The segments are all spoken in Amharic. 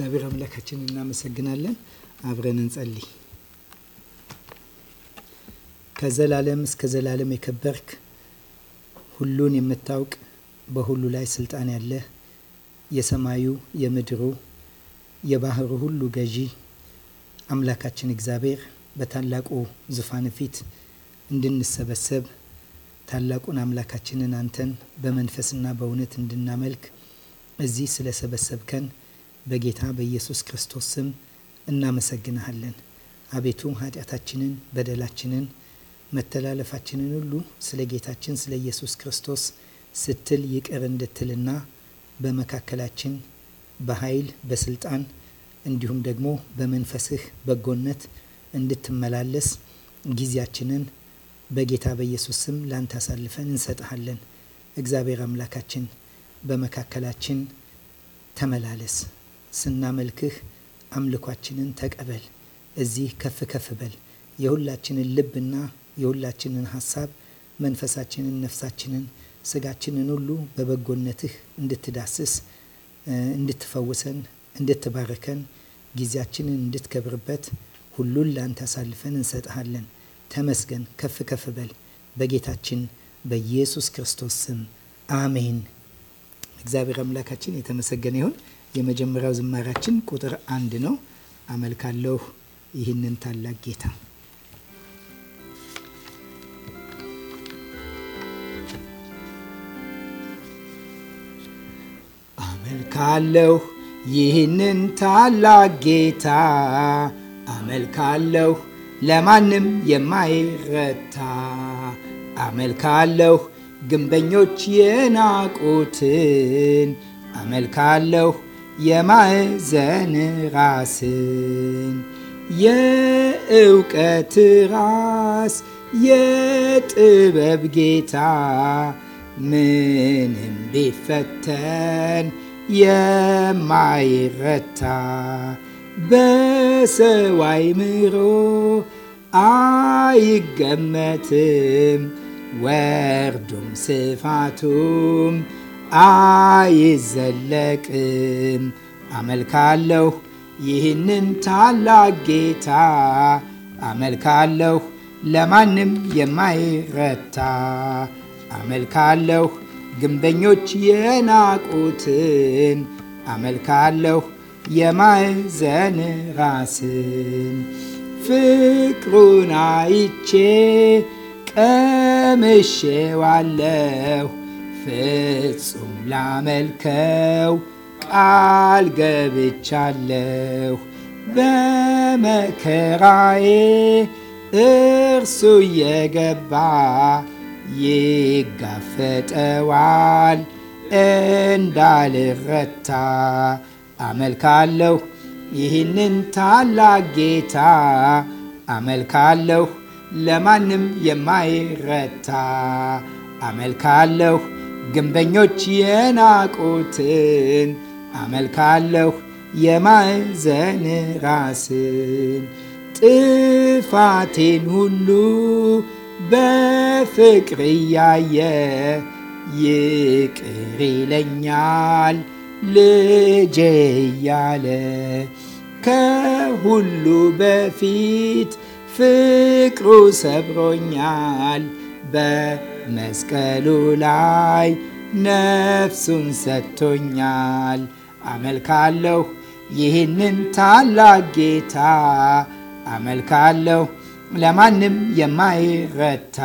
እግዚአብሔር አምላካችን እናመሰግናለን። አብረን እንጸልይ። ከዘላለም እስከ ዘላለም የከበርክ ሁሉን የምታውቅ በሁሉ ላይ ስልጣን ያለህ የሰማዩ የምድሩ የባህሩ ሁሉ ገዢ አምላካችን እግዚአብሔር በታላቁ ዙፋን ፊት እንድንሰበሰብ ታላቁን አምላካችንን አንተን በመንፈስና በእውነት እንድናመልክ እዚህ ስለሰበሰብከን በጌታ በኢየሱስ ክርስቶስ ስም እናመሰግንሃለን። አቤቱ ኃጢአታችንን፣ በደላችንን፣ መተላለፋችንን ሁሉ ስለ ጌታችን ስለ ኢየሱስ ክርስቶስ ስትል ይቅር እንድትልና በመካከላችን በኃይል በስልጣን እንዲሁም ደግሞ በመንፈስህ በጎነት እንድትመላለስ ጊዜያችንን በጌታ በኢየሱስ ስም ላንተ አሳልፈን እንሰጥሃለን። እግዚአብሔር አምላካችን በመካከላችን ተመላለስ። ስናመልክህ አምልኳችንን ተቀበል፣ እዚህ ከፍ ከፍ በል፣ የሁላችንን ልብና የሁላችንን ሀሳብ፣ መንፈሳችንን፣ ነፍሳችንን፣ ስጋችንን ሁሉ በበጎነትህ እንድትዳስስ፣ እንድትፈውሰን፣ እንድትባርከን፣ ጊዜያችንን እንድትከብርበት ሁሉን ላንተ አሳልፈን እንሰጥሃለን። ተመስገን፣ ከፍ ከፍ በል። በጌታችን በኢየሱስ ክርስቶስ ስም አሜን። እግዚአብሔር አምላካችን የተመሰገነ ይሁን። የመጀመሪያው ዝማሪያችን ቁጥር አንድ ነው። አመልካለሁ ይህንን ታላቅ ጌታ አመልካለሁ ይህንን ታላቅ ጌታ አመልካለሁ ለማንም የማይረታ አመልካለሁ ግንበኞች የናቁትን አመልካለሁ የማዕዘን ራስን የእውቀት ራስ የጥበብ ጌታ ምንም ቢፈተን የማይረታ በሰው አእምሮ አይገመትም ወርዱም ስፋቱም አይዘለቅም። አመልካለሁ ይህንን ታላቅ ጌታ አመልካለሁ ለማንም የማይረታ አመልካለሁ ግንበኞች የናቁትን አመልካለሁ የማዕዘን ራስን ፍቅሩን አይቼ ቀምሼዋለሁ ፍጹም ላመልከው ቃል ገብቻለሁ በመከራዬ እርሱ የገባ ይጋፈጠዋል እንዳልረታ አመልካለሁ ይህንን ታላቅ ጌታ አመልካለሁ ለማንም የማይረታ አመልካለሁ ግንበኞች የናቁትን አመልካለሁ የማዕዘን ራስን ጥፋቴን ሁሉ በፍቅር እያየ ይቅር ይለኛል ልጄ እያለ ከሁሉ በፊት ፍቅሩ ሰብሮኛል መስቀሉ ላይ ነፍሱን ሰጥቶኛል። አመልካለሁ ይህንን ታላቅ ጌታ አመልካለሁ ለማንም የማይረታ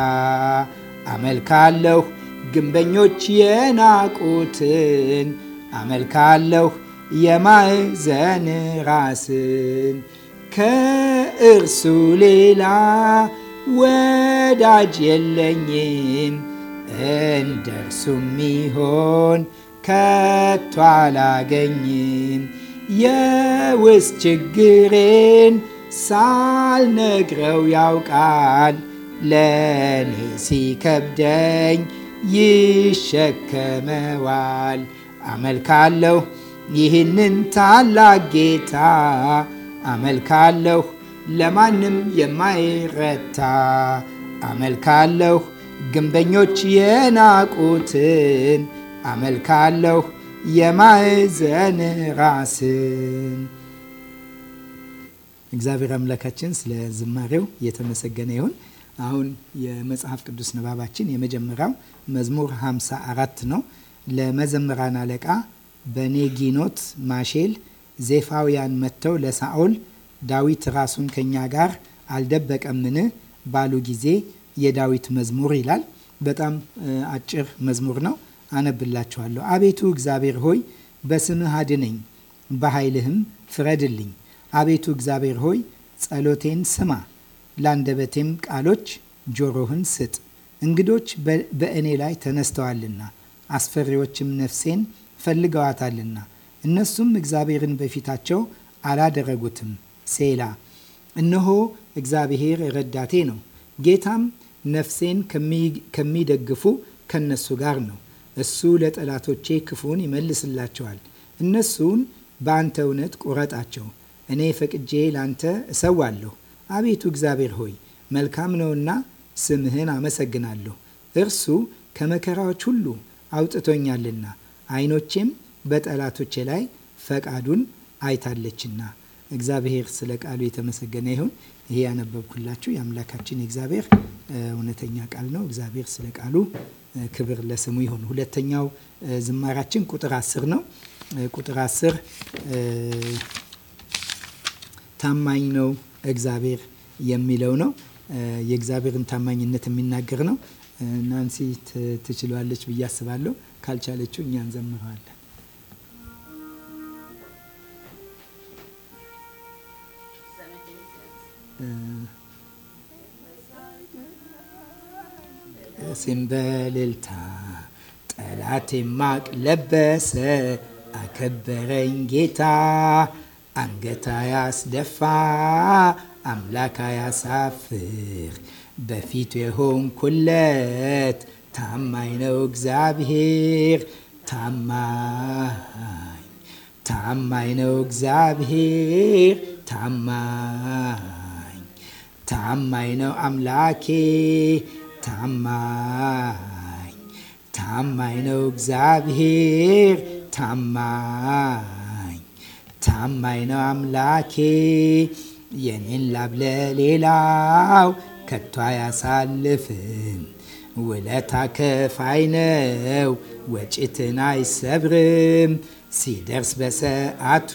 አመልካለሁ ግንበኞች የናቁትን አመልካለሁ የማዕዘን ራስን ከእርሱ ሌላ ወዳጅ የለኝም እንደ ሚሆን ከቶ አላገኝም። የውስጥ ችግሬን ሳልነግረው ያውቃል። ለእኔ ሲከብደኝ ይሸከመዋል። አመልካለሁ ይህንን ታላቅ ጌታ አመልካለሁ ለማንም የማይረታ አመልካለሁ ግንበኞች የናቁትን አመልካለሁ የማዕዘን ራስን። እግዚአብሔር አምላካችን ስለ ዝማሬው የተመሰገነ ይሁን። አሁን የመጽሐፍ ቅዱስ ንባባችን የመጀመሪያው መዝሙር 54 ነው። ለመዘምራን አለቃ በኔጊኖት ማሼል ዜፋውያን መጥተው ለሳኦል ዳዊት ራሱን ከኛ ጋር አልደበቀምን ባሉ ጊዜ የዳዊት መዝሙር ይላል። በጣም አጭር መዝሙር ነው። አነብላችኋለሁ። አቤቱ እግዚአብሔር ሆይ በስምህ አድነኝ፣ በኃይልህም ፍረድልኝ። አቤቱ እግዚአብሔር ሆይ ጸሎቴን ስማ፣ ለአንደበቴም ቃሎች ጆሮህን ስጥ። እንግዶች በእኔ ላይ ተነስተዋልና አስፈሪዎችም ነፍሴን ፈልገዋታልና እነሱም እግዚአብሔርን በፊታቸው አላደረጉትም። ሴላ። እነሆ እግዚአብሔር ረዳቴ ነው፣ ጌታም ነፍሴን ከሚደግፉ ከነሱ ጋር ነው። እሱ ለጠላቶቼ ክፉን ይመልስላቸዋል። እነሱን በአንተ እውነት ቁረጣቸው። እኔ ፈቅጄ ላንተ እሰዋለሁ። አቤቱ እግዚአብሔር ሆይ መልካም ነውና ስምህን አመሰግናለሁ። እርሱ ከመከራዎች ሁሉ አውጥቶኛልና፣ ዓይኖቼም በጠላቶቼ ላይ ፈቃዱን አይታለችና እግዚአብሔር ስለ ቃሉ የተመሰገነ ይሁን። ይሄ ያነበብኩላችሁ የአምላካችን የእግዚአብሔር እውነተኛ ቃል ነው። እግዚአብሔር ስለ ቃሉ ክብር ለስሙ ይሁን። ሁለተኛው ዝማራችን ቁጥር አስር ነው። ቁጥር አስር ታማኝ ነው እግዚአብሔር የሚለው ነው። የእግዚአብሔርን ታማኝነት የሚናገር ነው። ናንሲ ትችሏለች ብዬ አስባለሁ። ካልቻለችው እኛ እንዘምረዋለን። ራሴን በልልታ ጠላቴ ማቅ ለበሰ፣ አከበረኝ ጌታ። አንገታ ያስደፋ አምላካ ያሳፍር፣ በፊቱ የሆንኩለት ታማኝ ነው እግዚአብሔር። ታማኝ ታማኝ ነው እግዚአብሔር ታማኝ ታማኝ ነው አምላኬ ታማኝ ታማኝ ነው እግዚአብሔር ታማኝ ታማኝ ነው አምላኬ የኔን ላብለ ሌላው ከቶ አያሳልፍም። ውለታ ከፋይ ነው ወጭትን አይሰብርም። ሲደርስ በሰዓቱ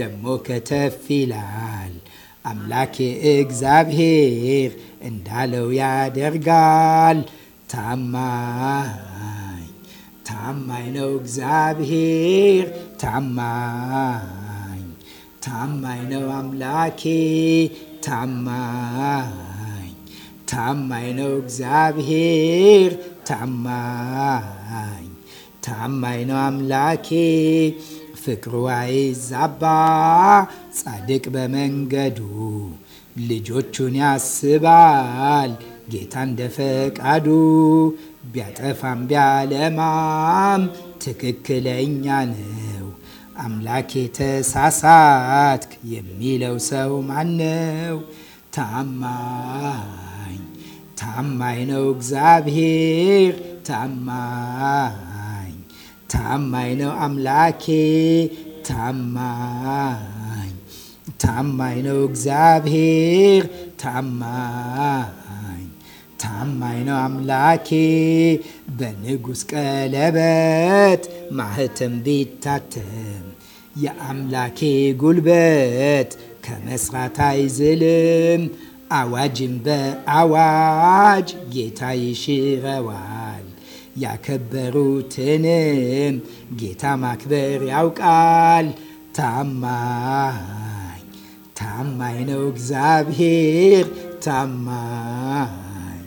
ደሞ ከተፍ ይላል። አምላኬ እግዚአብሔር እንዳለው ያደርጋል። ታማኝ ታማኝ ነው እግዚአብሔር ታማኝ ታማኝ ነው አምላኬ ታማኝ ታማኝ ነው እግዚአብሔር ታማኝ ታማኝ ነው አምላኬ ፍቅሩ አይዛባ ጻድቅ በመንገዱ ልጆቹን ያስባል ጌታ እንደ ፈቃዱ ቢያጠፋም ቢያለማም ትክክለኛ ነው። አምላኬ ተሳሳትክ የሚለው ሰው ማነው? ታማኝ ታማኝ ነው እግዚአብሔር ታማኝ ታማኝ ነው አምላኬ ታማኝ ታማኝ ነው እግዚአብሔር ታማኝ ታማኝ ነው አምላኬ በንጉሥ ቀለበት ማህተም ቢታተም የአምላኬ ጉልበት ከመስራት አይዝልም። አዋጅን በአዋጅ ጌታ ይሽረዋል። ያከበሩትንም ጌታ ማክበር ያውቃል ታማ ታማኝ ነው እግዚአብሔር ታማኝ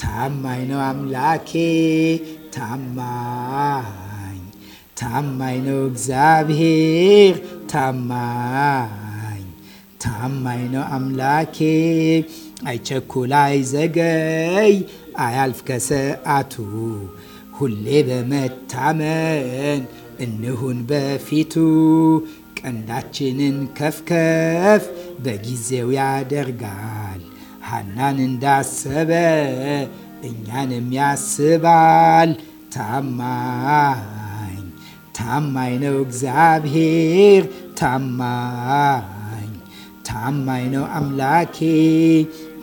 ታማኝ ነው አምላኬ ታማኝ ታማኝ ነው እግዚአብሔር ታማኝ ታማኝ ነው አምላኬ አይቸኩል አይዘገይ አያልፍ ከሰዓቱ ሁሌ በመታመን እንሁን በፊቱ ቀንዳችንን ከፍከፍ በጊዜው ያደርጋል። ሐናን እንዳሰበ እኛንም ያስባል። ታማኝ ታማኝ ነው እግዚአብሔር ታማኝ ታማኝ ነው አምላኬ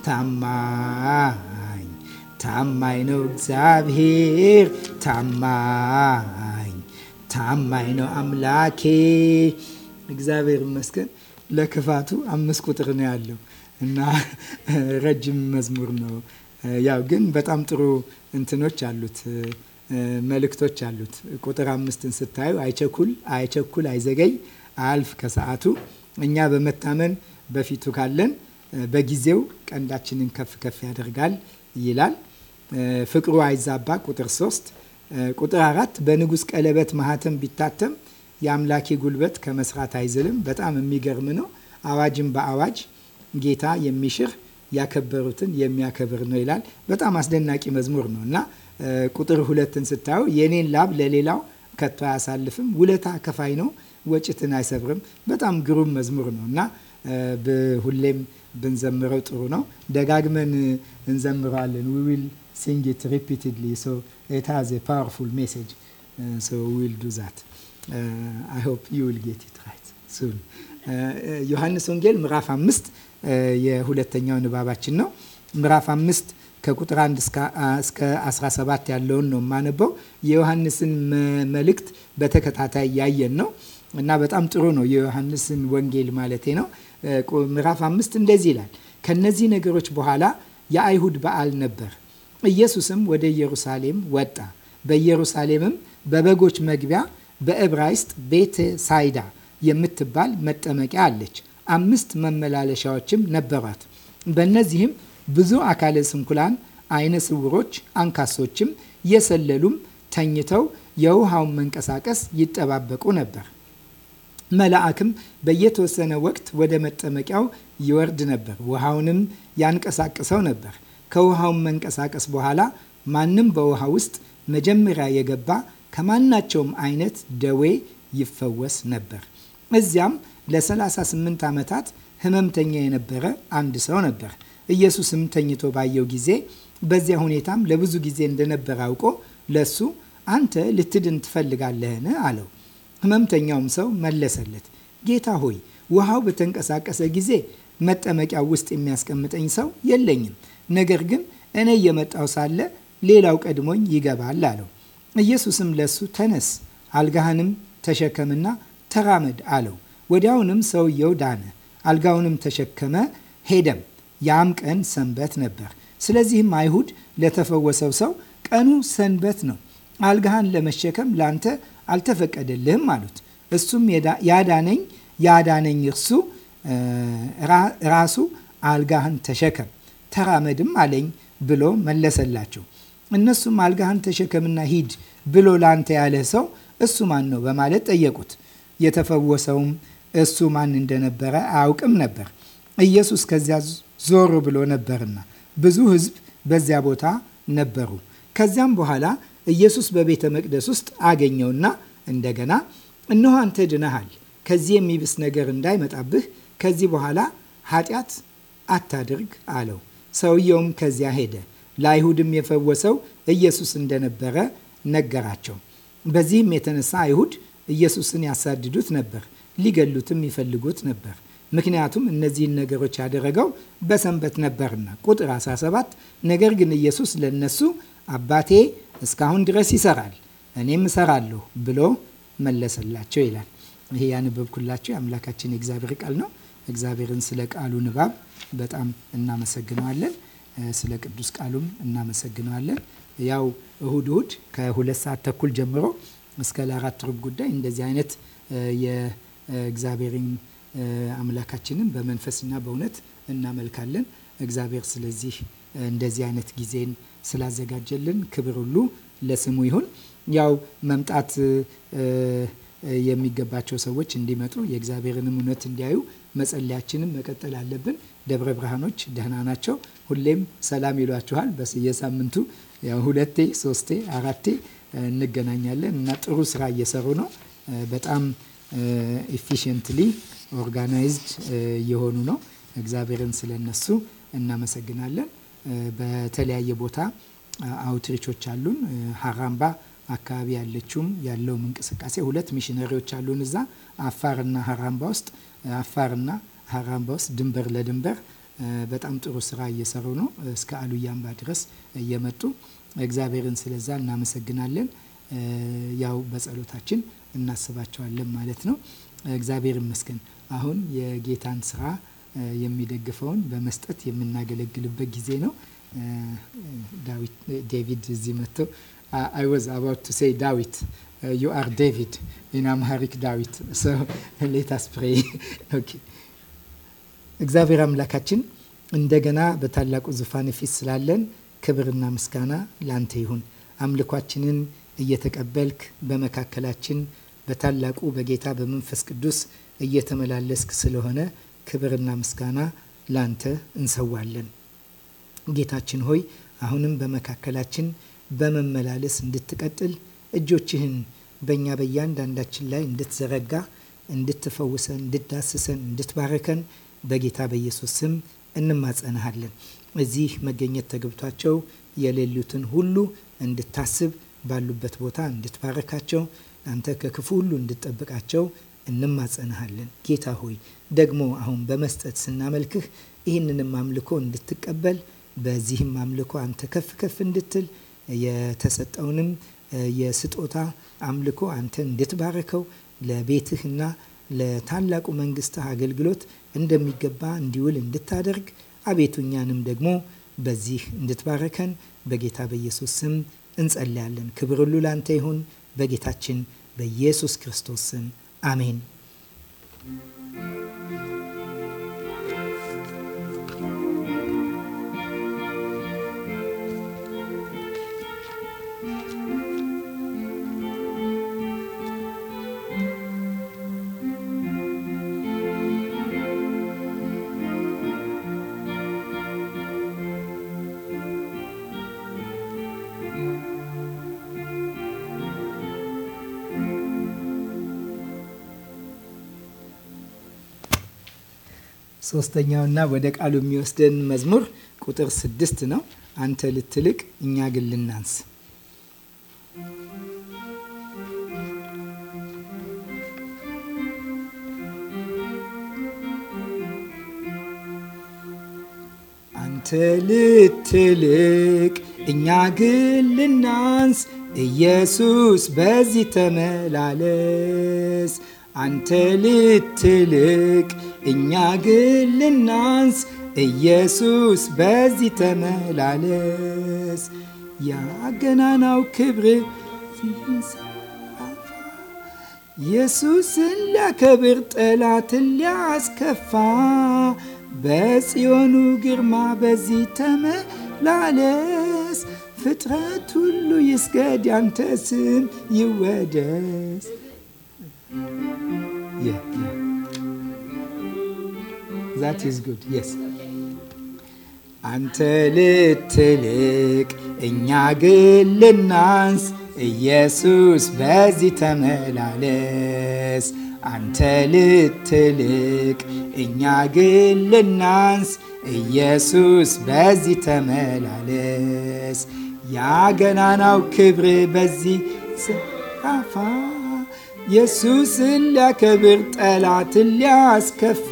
ታማኝ ታማኝ ነው እግዚአብሔር ታማኝ ታማኝ ነው አምላኬ እግዚአብሔር ይመስገን ለክፋቱ አምስት ቁጥር ነው ያለው እና ረጅም መዝሙር ነው። ያው ግን በጣም ጥሩ እንትኖች አሉት መልእክቶች አሉት። ቁጥር አምስትን ስታዩ አይቸኩል አይቸኩል አይዘገይ አያልፍ ከሰዓቱ እኛ በመታመን በፊቱ ካለን በጊዜው ቀንዳችንን ከፍ ከፍ ያደርጋል ይላል። ፍቅሩ አይዛባ ቁጥር ሶስት ቁጥር አራት በንጉሥ ቀለበት ማህተም ቢታተም የአምላኬ ጉልበት ከመስራት አይዝልም። በጣም የሚገርም ነው። አዋጅም በአዋጅ ጌታ የሚሽር ያከበሩትን የሚያከብር ነው ይላል። በጣም አስደናቂ መዝሙር ነው እና ቁጥር ሁለትን ስታዩ የኔን ላብ ለሌላው ከቶ አያሳልፍም፣ ውለታ ከፋይ ነው፣ ወጭትን አይሰብርም። በጣም ግሩም መዝሙር ነው እና ሁሌም ብንዘምረው ጥሩ ነው። ደጋግመን እንዘምረዋለን። ዊ ዊል ሲንግ ኢት ሪፒትድሊ ሶ ኢት ሃዝ ኤ ፓወርፉል ሜሴጅ ሶ ዊል ዱ ዛት አይ ሆፕ ዩ ዊል ጌት ኢት ራይት ሱን። ዮሐንስ ወንጌል ምዕራፍ አምስት uh, የሁለተኛው ንባባችን ነው። ምዕራፍ አምስት ከቁጥር 1 እስከ 17 uh, ያለውን ነው የማነበው። የዮሐንስን መልእክት በተከታታይ ያየን ነው እና በጣም ጥሩ ነው። የዮሐንስን ወንጌል ማለቴ ነው። uh, ምዕራፍ አምስት እንደዚህ ይላል። ከነዚህ ነገሮች በኋላ የአይሁድ በዓል ነበር። ኢየሱስም ወደ ኢየሩሳሌም ወጣ። በኢየሩሳሌምም በበጎች መግቢያ በዕብራይስጥ ቤተ ሳይዳ የምትባል መጠመቂያ አለች። አምስት መመላለሻዎችም ነበሯት። በእነዚህም ብዙ አካለ ስንኩላን፣ አይነ ስውሮች፣ አንካሶችም የሰለሉም ተኝተው የውሃውን መንቀሳቀስ ይጠባበቁ ነበር። መልአክም በየተወሰነ ወቅት ወደ መጠመቂያው ይወርድ ነበር፣ ውሃውንም ያንቀሳቅሰው ነበር። ከውሃውን መንቀሳቀስ በኋላ ማንም በውሃ ውስጥ መጀመሪያ የገባ ከማናቸውም አይነት ደዌ ይፈወስ ነበር። እዚያም ለ38 ዓመታት ህመምተኛ የነበረ አንድ ሰው ነበር። ኢየሱስም ተኝቶ ባየው ጊዜ በዚያ ሁኔታም ለብዙ ጊዜ እንደነበረ አውቆ ለሱ አንተ ልትድን ትፈልጋለህን? አለው። ህመምተኛውም ሰው መለሰለት፣ ጌታ ሆይ ውሃው በተንቀሳቀሰ ጊዜ መጠመቂያ ውስጥ የሚያስቀምጠኝ ሰው የለኝም። ነገር ግን እኔ እየመጣው ሳለ ሌላው ቀድሞኝ ይገባል አለው። ኢየሱስም ለሱ ተነስ፣ አልጋህንም ተሸከምና ተራመድ አለው። ወዲያውንም ሰውየው ዳነ፣ አልጋውንም ተሸከመ ሄደም። ያም ቀን ሰንበት ነበር። ስለዚህም አይሁድ ለተፈወሰው ሰው ቀኑ ሰንበት ነው፣ አልጋህን ለመሸከም ላንተ አልተፈቀደልህም አሉት። እሱም ያዳነኝ ያዳነኝ እርሱ ራሱ አልጋህን ተሸከም ተራመድም አለኝ ብሎ መለሰላቸው። እነሱም አልጋህን ተሸከምና ሂድ ብሎ ላንተ ያለ ሰው እሱ ማን ነው በማለት ጠየቁት። የተፈወሰውም እሱ ማን እንደነበረ አያውቅም ነበር፣ ኢየሱስ ከዚያ ዞር ብሎ ነበርና። ብዙ ሕዝብ በዚያ ቦታ ነበሩ። ከዚያም በኋላ ኢየሱስ በቤተ መቅደስ ውስጥ አገኘውና እንደገና እነሆ አንተ ድነሃል፣ ከዚህ የሚብስ ነገር እንዳይመጣብህ ከዚህ በኋላ ኃጢአት አታድርግ አለው። ሰውየውም ከዚያ ሄደ። ለአይሁድም የፈወሰው ኢየሱስ እንደነበረ ነገራቸው። በዚህም የተነሳ አይሁድ ኢየሱስን ያሳድዱት ነበር፣ ሊገሉትም ይፈልጉት ነበር። ምክንያቱም እነዚህን ነገሮች ያደረገው በሰንበት ነበርና። ቁጥር 17 ነገር ግን ኢየሱስ ለነሱ አባቴ እስካሁን ድረስ ይሰራል፣ እኔም እሰራለሁ ብሎ መለሰላቸው ይላል። ይሄ ያነበብኩላቸው የአምላካችን የእግዚአብሔር ቃል ነው። እግዚአብሔርን ስለ ቃሉ ንባብ በጣም እናመሰግነዋለን። ስለ ቅዱስ ቃሉም እናመሰግነዋለን። ያው እሁድ እሁድ ከሁለት ሰዓት ተኩል ጀምሮ እስከ ለአራት ሩብ ጉዳይ እንደዚህ አይነት የእግዚአብሔርን አምላካችንን በመንፈስና በእውነት እናመልካለን። እግዚአብሔር ስለዚህ እንደዚህ አይነት ጊዜን ስላዘጋጀልን ክብር ሁሉ ለስሙ ይሁን። ያው መምጣት የሚገባቸው ሰዎች እንዲመጡ የእግዚአብሔርንም እውነት እንዲያዩ መጸለያችንን መቀጠል አለብን። ደብረ ብርሃኖች ደህና ናቸው። ሁሌም ሰላም ይሏችኋል። የሳምንቱ ያው ሁለቴ ሶስቴ አራቴ እንገናኛለን እና ጥሩ ስራ እየሰሩ ነው። በጣም ኤፊሽንትሊ ኦርጋናይዝድ እየሆኑ ነው። እግዚአብሔርን ስለነሱ እናመሰግናለን። በተለያየ ቦታ አውትሪቾች አሉን። ሀራምባ አካባቢ ያለችውም ያለውም እንቅስቃሴ ሁለት ሚሽነሪዎች አሉን እዛ አፋርና ሀራምባ ውስጥ አፋርና ሀራምባ ውስጥ ድንበር ለድንበር በጣም ጥሩ ስራ እየሰሩ ነው። እስከ አሉያምባ ድረስ እየመጡ እግዚአብሔርን ስለዛ እናመሰግናለን። ያው በጸሎታችን እናስባቸዋለን ማለት ነው። እግዚአብሔር ይመስገን። አሁን የጌታን ስራ የሚደግፈውን በመስጠት የምናገለግልበት ጊዜ ነው። ዳዊት ዴቪድ እዚህ መጥቶ አይ ዋዝ አባውት ቱ ሴይ ዳዊት ዩ አር ዴቪድ ኢን ዳዊት ሌታስ ኦኬ እግዚአብሔር አምላካችን እንደገና በታላቁ ዙፋን ፊት ስላለን ክብርና ምስጋና ላንተ ይሁን። አምልኳችንን እየተቀበልክ በመካከላችን በታላቁ በጌታ በመንፈስ ቅዱስ እየተመላለስክ ስለሆነ ክብርና ምስጋና ላንተ እንሰዋለን። ጌታችን ሆይ አሁንም በመካከላችን በመመላለስ እንድትቀጥል እጆችህን በእኛ በእያንዳንዳችን ላይ እንድትዘረጋ እንድትፈውሰን፣ እንድትዳስሰን፣ እንድትባረከን። በጌታ በኢየሱስ ስም እንማጸናሃለን። እዚህ መገኘት ተገብቷቸው የሌሉትን ሁሉ እንድታስብ፣ ባሉበት ቦታ እንድትባረካቸው፣ አንተ ከክፉ ሁሉ እንድትጠብቃቸው እንማጸናሃለን። ጌታ ሆይ ደግሞ አሁን በመስጠት ስናመልክህ ይህንንም አምልኮ እንድትቀበል በዚህም አምልኮ አንተ ከፍ ከፍ እንድትል የተሰጠውንም የስጦታ አምልኮ አንተ እንድትባረከው ለቤትህና ለታላቁ መንግስትህ አገልግሎት እንደሚገባ እንዲውል እንድታደርግ አቤቱ እኛንም ደግሞ በዚህ እንድትባረከን በጌታ በኢየሱስ ስም እንጸልያለን። ክብር ሁሉ ላንተ ይሁን በጌታችን በኢየሱስ ክርስቶስ ስም አሜን። ሶስተኛውና ወደ ቃሉ የሚወስደን መዝሙር ቁጥር ስድስት ነው። አንተ ልትልቅ እኛ ግን ልናንስ አንተ ልትልቅ እኛ ግን ልናንስ ኢየሱስ በዚህ ተመላለስ አንተ ልትልቅ እኛ ግን ልናንስ ኢየሱስ በዚህ ተመላለስ ያገናናው ክብር ኢየሱስን ሊያከብር ጠላትን ሊያስከፋ በጽዮኑ ግርማ በዚህ ተመላለስ ፍጥረት ሁሉ ይስገድ ያንተ ስም ይወደስ። Yeah, yeah. That is good. Yes. አንተ ልትልቅ እኛ ግን ልናንስ ኢየሱስ በዚህ ተመላለስ። አንተ ልትልቅ እኛ ግን ልናንስ ኢየሱስ በዚህ ተመላለስ። ያገናናው ክብር በዚህ ስፋፋ ኢየሱስን ሊያከብር ጠላትን ሊያስከፋ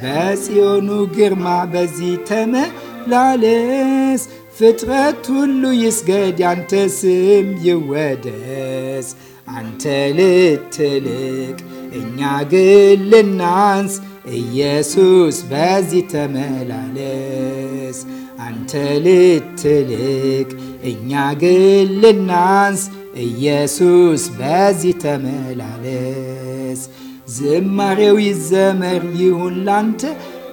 በጽዮኑ ግርማ በዚህ ተመላለስ። ፍጥረት ሁሉ ይስገድ፣ ያንተ ስም ይወደስ። አንተ ልትልቅ እኛ ግን ልናንስ፣ ኢየሱስ በዚህ ተመላለስ። አንተ ልትልቅ እኛ ግን ልናንስ ኢየሱስ በዚህ ተመላለስ። ዝማሬው ይዘመር ይሁን ላንተ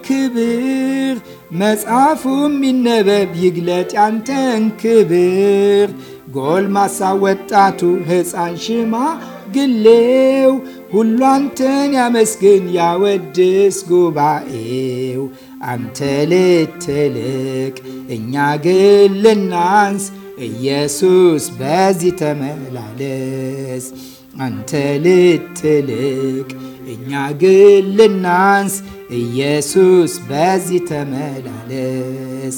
ክብር፣ መጽሐፉም ይነበብ ይግለጥ ያንተን ክብር። ጎልማሳ ወጣቱ፣ ሕፃን ሽማግሌው ሁሉ አንተን ያመስግን ያወድስ ጉባኤው። አንተ ልትልቅ እኛ ግን ልናንስ ኢየሱስ በዚህ ተመላለስ አንተ ልትልቅ እኛ ግን ልናንስ ኢየሱስ በዚህ ተመላለስ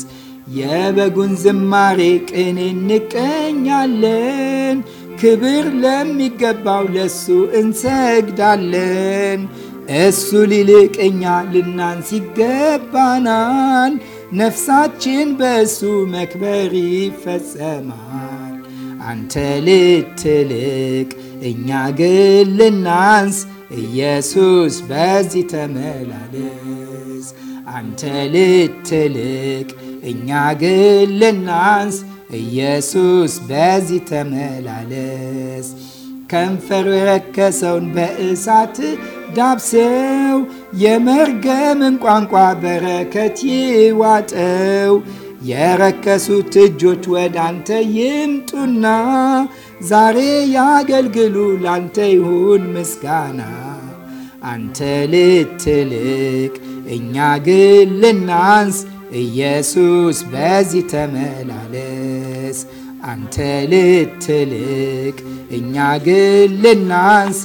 የበጉን ዝማሬ ቅኔ እንቀኛለን ክብር ለሚገባው ለሱ እንሰግዳለን። እሱ ሊልቅ እኛ ልናንስ ይገባናል። ነፍሳችን በእሱ መክበር ይፈጸማል። አንተ ልትልቅ እኛ ግን ልናንስ፣ ኢየሱስ በዚህ ተመላለስ። አንተ ልትልቅ እኛ ግን ልናንስ፣ ኢየሱስ በዚህ ተመላለስ። ከንፈሩ የረከሰውን በእሳት ዳብሰው የመርገምን ቋንቋ በረከት ይዋጠው። የረከሱት እጆች ወደ አንተ ይምጡና ዛሬ ያገልግሉ፣ ላንተ ይሁን ምስጋና። አንተ ልትልቅ እኛ ግን ልናንስ፣ ኢየሱስ በዚህ ተመላለስ። አንተ ልትልቅ እኛ ግን ልናንስ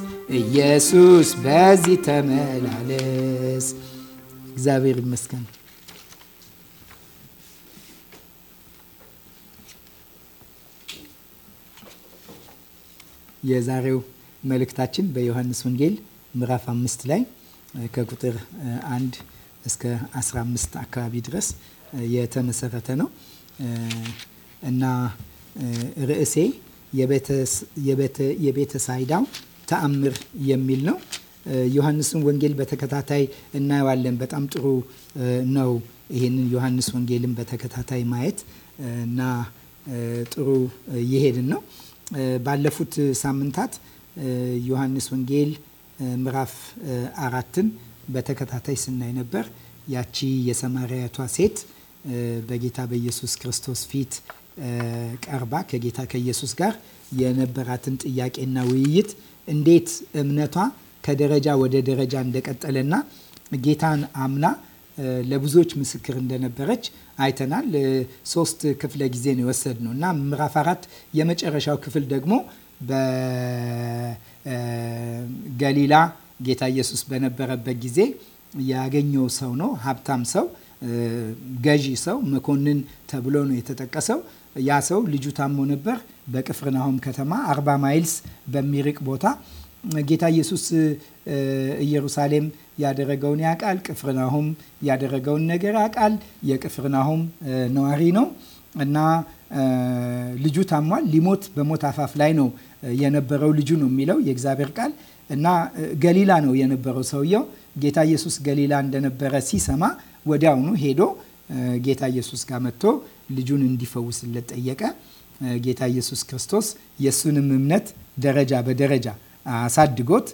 ኢየሱስ በዚህ ተመላለስ። እግዚአብሔር ይመስገን። የዛሬው መልእክታችን በዮሐንስ ወንጌል ምዕራፍ አምስት ላይ ከቁጥር አንድ እስከ 15 አካባቢ ድረስ የተመሰረተ ነው እና ርዕሴ የቤተ ሳይዳው ተአምር የሚል ነው። ዮሐንስን ወንጌል በተከታታይ እናየዋለን። በጣም ጥሩ ነው። ይህንን ዮሐንስ ወንጌልን በተከታታይ ማየት እና ጥሩ የሄድን ነው። ባለፉት ሳምንታት ዮሐንስ ወንጌል ምዕራፍ አራትን በተከታታይ ስናይ ነበር። ያቺ የሰማርያቷ ሴት በጌታ በኢየሱስ ክርስቶስ ፊት ቀርባ ከጌታ ከኢየሱስ ጋር የነበራትን ጥያቄና ውይይት እንዴት እምነቷ ከደረጃ ወደ ደረጃ እንደቀጠለና ጌታን አምና ለብዙዎች ምስክር እንደነበረች አይተናል። ሶስት ክፍለ ጊዜ ነው ነው እና ምዕራፍ አራት የመጨረሻው ክፍል ደግሞ በገሊላ ጌታ ኢየሱስ በነበረበት ጊዜ ያገኘው ሰው ነው። ሀብታም ሰው፣ ገዢ ሰው፣ መኮንን ተብሎ ነው የተጠቀሰው። ያ ሰው ልጁ ታሞ ነበር። በቅፍርናሆም ከተማ አርባ ማይልስ በሚርቅ ቦታ ጌታ ኢየሱስ ኢየሩሳሌም ያደረገውን ያውቃል። ቅፍርናሆም ያደረገውን ነገር ያውቃል። የቅፍርናሆም ነዋሪ ነው እና ልጁ ታሟል። ሊሞት በሞት አፋፍ ላይ ነው የነበረው ልጁ ነው የሚለው የእግዚአብሔር ቃል እና ገሊላ ነው የነበረው ሰውየው። ጌታ ኢየሱስ ገሊላ እንደነበረ ሲሰማ ወዲያውኑ ሄዶ ጌታ ኢየሱስ ጋር መጥቶ ልጁን እንዲፈውስለት ጠየቀ። ጌታ ኢየሱስ ክርስቶስ የእሱንም እምነት ደረጃ በደረጃ አሳድጎት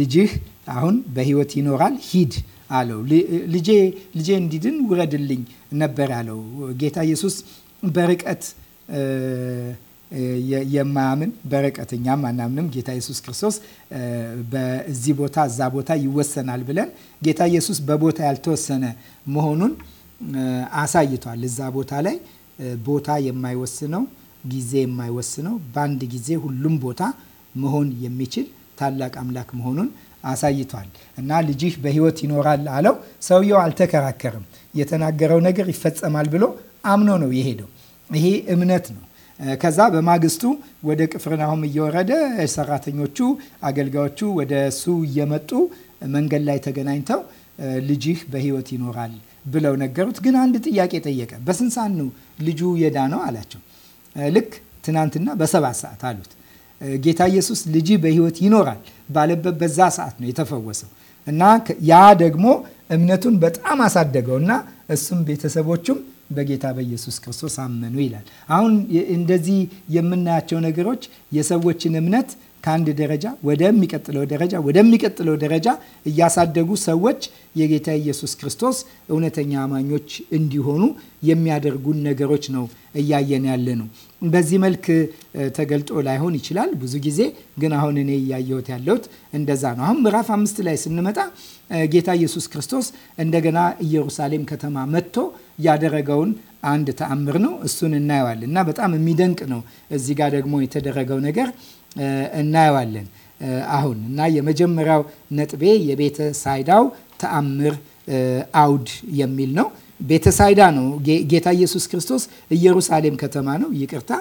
ልጅህ አሁን በህይወት ይኖራል፣ ሂድ አለው። ልጄ እንዲድን ውረድልኝ ነበር ያለው ጌታ ኢየሱስ በርቀት የማያምን በርቀት እኛም አናምንም። ጌታ ኢየሱስ ክርስቶስ በዚህ ቦታ እዛ ቦታ ይወሰናል ብለን ጌታ ኢየሱስ በቦታ ያልተወሰነ መሆኑን አሳይቷል። እዛ ቦታ ላይ ቦታ የማይወስነው ጊዜ የማይወስነው በአንድ ጊዜ ሁሉም ቦታ መሆን የሚችል ታላቅ አምላክ መሆኑን አሳይቷል እና ልጅህ በህይወት ይኖራል አለው። ሰውየው አልተከራከርም። የተናገረው ነገር ይፈጸማል ብሎ አምኖ ነው የሄደው። ይሄ እምነት ነው። ከዛ በማግስቱ ወደ ቅፍርናሆም እየወረደ ሰራተኞቹ፣ አገልጋዮቹ ወደ እሱ እየመጡ መንገድ ላይ ተገናኝተው ልጅህ በህይወት ይኖራል ብለው ነገሩት። ግን አንድ ጥያቄ ጠየቀ። በስንት ሰዓት ነው ልጁ የዳነው አላቸው። ልክ ትናንትና በሰባት ሰዓት አሉት። ጌታ ኢየሱስ ልጅ በህይወት ይኖራል ባለበት በዛ ሰዓት ነው የተፈወሰው እና ያ ደግሞ እምነቱን በጣም አሳደገው እና እሱም ቤተሰቦቹም በጌታ በኢየሱስ ክርስቶስ አመኑ ይላል። አሁን እንደዚህ የምናያቸው ነገሮች የሰዎችን እምነት ከአንድ ደረጃ ወደሚቀጥለው ደረጃ ወደሚቀጥለው ደረጃ እያሳደጉ ሰዎች የጌታ ኢየሱስ ክርስቶስ እውነተኛ አማኞች እንዲሆኑ የሚያደርጉን ነገሮች ነው እያየን ያለ ነው። በዚህ መልክ ተገልጦ ላይሆን ይችላል ብዙ ጊዜ ግን አሁን እኔ እያየሁት ያለሁት እንደዛ ነው። አሁን ምዕራፍ አምስት ላይ ስንመጣ ጌታ ኢየሱስ ክርስቶስ እንደገና ኢየሩሳሌም ከተማ መጥቶ ያደረገውን አንድ ተአምር ነው። እሱን እናየዋል እና በጣም የሚደንቅ ነው። እዚህ ጋር ደግሞ የተደረገው ነገር እናየዋለን አሁን እና የመጀመሪያው ነጥቤ የቤተ ሳይዳው ተአምር አውድ የሚል ነው። ቤተሳይዳ ነው። ጌታ ኢየሱስ ክርስቶስ ኢየሩሳሌም ከተማ ነው። ይቅርታ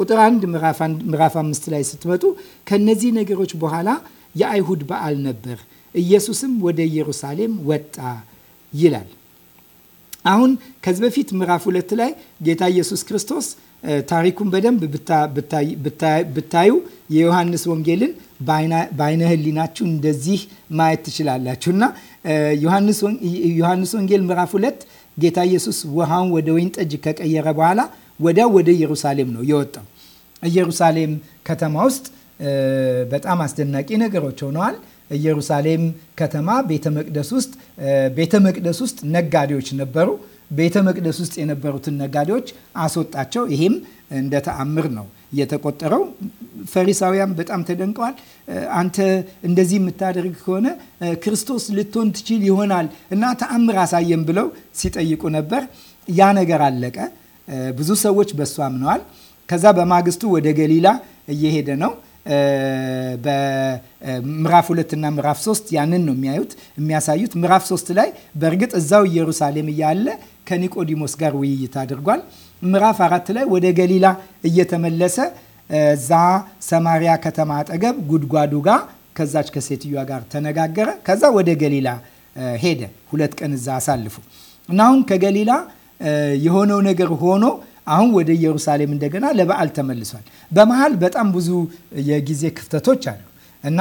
ቁጥር አንድ ምዕራፍ አምስት ላይ ስትመጡ ከነዚህ ነገሮች በኋላ የአይሁድ በዓል ነበር፣ ኢየሱስም ወደ ኢየሩሳሌም ወጣ ይላል። አሁን ከዚህ በፊት ምዕራፍ ሁለት ላይ ጌታ ኢየሱስ ክርስቶስ ታሪኩን በደንብ ብታዩ የዮሐንስ ወንጌልን በአይነ ህሊናችሁ እንደዚህ ማየት ትችላላችሁ እና ዮሐንስ ወንጌል ምዕራፍ ሁለት ጌታ ኢየሱስ ውሃውን ወደ ወይን ጠጅ ከቀየረ በኋላ ወዲያው ወደ ኢየሩሳሌም ነው የወጣው። ኢየሩሳሌም ከተማ ውስጥ በጣም አስደናቂ ነገሮች ሆነዋል። ኢየሩሳሌም ከተማ ቤተ መቅደስ ውስጥ ቤተ መቅደስ ውስጥ ነጋዴዎች ነበሩ። ቤተ መቅደስ ውስጥ የነበሩትን ነጋዴዎች አስወጣቸው። ይሄም እንደ ተአምር ነው የተቆጠረው። ፈሪሳውያን በጣም ተደንቀዋል። አንተ እንደዚህ የምታደርግ ከሆነ ክርስቶስ ልትሆን ትችል ይሆናል እና ተአምር አሳየን ብለው ሲጠይቁ ነበር። ያ ነገር አለቀ። ብዙ ሰዎች በሱ አምነዋል። ከዛ በማግስቱ ወደ ገሊላ እየሄደ ነው። በምዕራፍ ሁለትና ምዕራፍ ሶስት ያንን ነው የሚያዩት የሚያሳዩት። ምዕራፍ ሶስት ላይ በእርግጥ እዛው ኢየሩሳሌም እያለ ከኒቆዲሞስ ጋር ውይይት አድርጓል። ምዕራፍ አራት ላይ ወደ ገሊላ እየተመለሰ እዛ ሰማሪያ ከተማ አጠገብ ጉድጓዱ ጋር ከዛች ከሴትዮዋ ጋር ተነጋገረ። ከዛ ወደ ገሊላ ሄደ። ሁለት ቀን እዛ አሳልፉ እና አሁን ከገሊላ የሆነው ነገር ሆኖ አሁን ወደ ኢየሩሳሌም እንደገና ለበዓል ተመልሷል። በመሃል በጣም ብዙ የጊዜ ክፍተቶች አሉ እና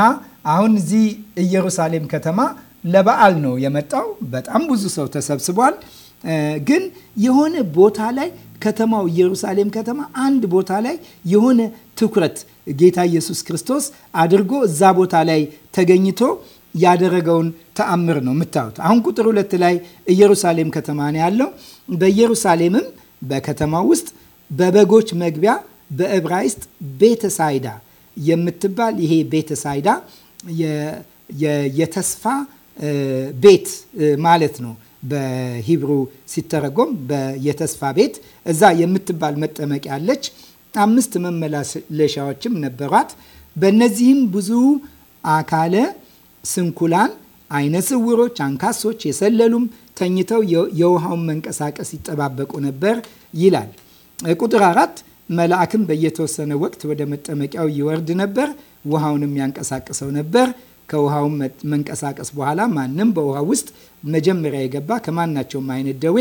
አሁን እዚህ ኢየሩሳሌም ከተማ ለበዓል ነው የመጣው። በጣም ብዙ ሰው ተሰብስቧል። ግን የሆነ ቦታ ላይ ከተማው ኢየሩሳሌም ከተማ አንድ ቦታ ላይ የሆነ ትኩረት ጌታ ኢየሱስ ክርስቶስ አድርጎ እዛ ቦታ ላይ ተገኝቶ ያደረገውን ተአምር ነው የምታዩት። አሁን ቁጥር ሁለት ላይ ኢየሩሳሌም ከተማ ነው ያለው። በኢየሩሳሌምም በከተማ ውስጥ በበጎች መግቢያ በዕብራይስጥ ቤተሳይዳ የምትባል ይሄ ቤተሳይዳ የተስፋ ቤት ማለት ነው። በሂብሩ ሲተረጎም የተስፋ ቤት እዛ የምትባል መጠመቂያ አለች። አምስት መመላለሻዎችም ነበሯት። በእነዚህም ብዙ አካለ ስንኩላን፣ አይነ ስውሮች፣ አንካሶች፣ የሰለሉም ተኝተው የውሃውን መንቀሳቀስ ይጠባበቁ ነበር ይላል። ቁጥር አራት መልአክም በየተወሰነ ወቅት ወደ መጠመቂያው ይወርድ ነበር፣ ውሃውንም ያንቀሳቅሰው ነበር። ከውሃው መንቀሳቀስ በኋላ ማንም በውሃ ውስጥ መጀመሪያ የገባ ከማናቸውም አይነት ደዌ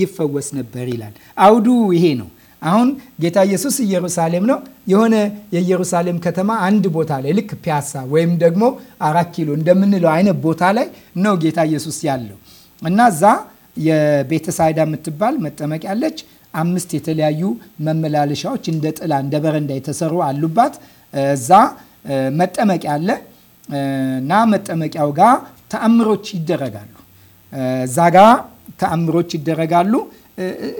ይፈወስ ነበር ይላል። አውዱ ይሄ ነው። አሁን ጌታ ኢየሱስ ኢየሩሳሌም ነው። የሆነ የኢየሩሳሌም ከተማ አንድ ቦታ ላይ ልክ ፒያሳ ወይም ደግሞ አራት ኪሎ እንደምንለው አይነት ቦታ ላይ ነው ጌታ ኢየሱስ ያለው እና እዛ የቤተሳይዳ የምትባል መጠመቂያ አለች። አምስት የተለያዩ መመላለሻዎች እንደ ጥላ እንደ በረንዳ የተሰሩ አሉባት። እዛ መጠመቂያ አለ እና መጠመቂያው ጋር ተአምሮች ይደረጋሉ። እዛ ጋ ተአምሮች ይደረጋሉ።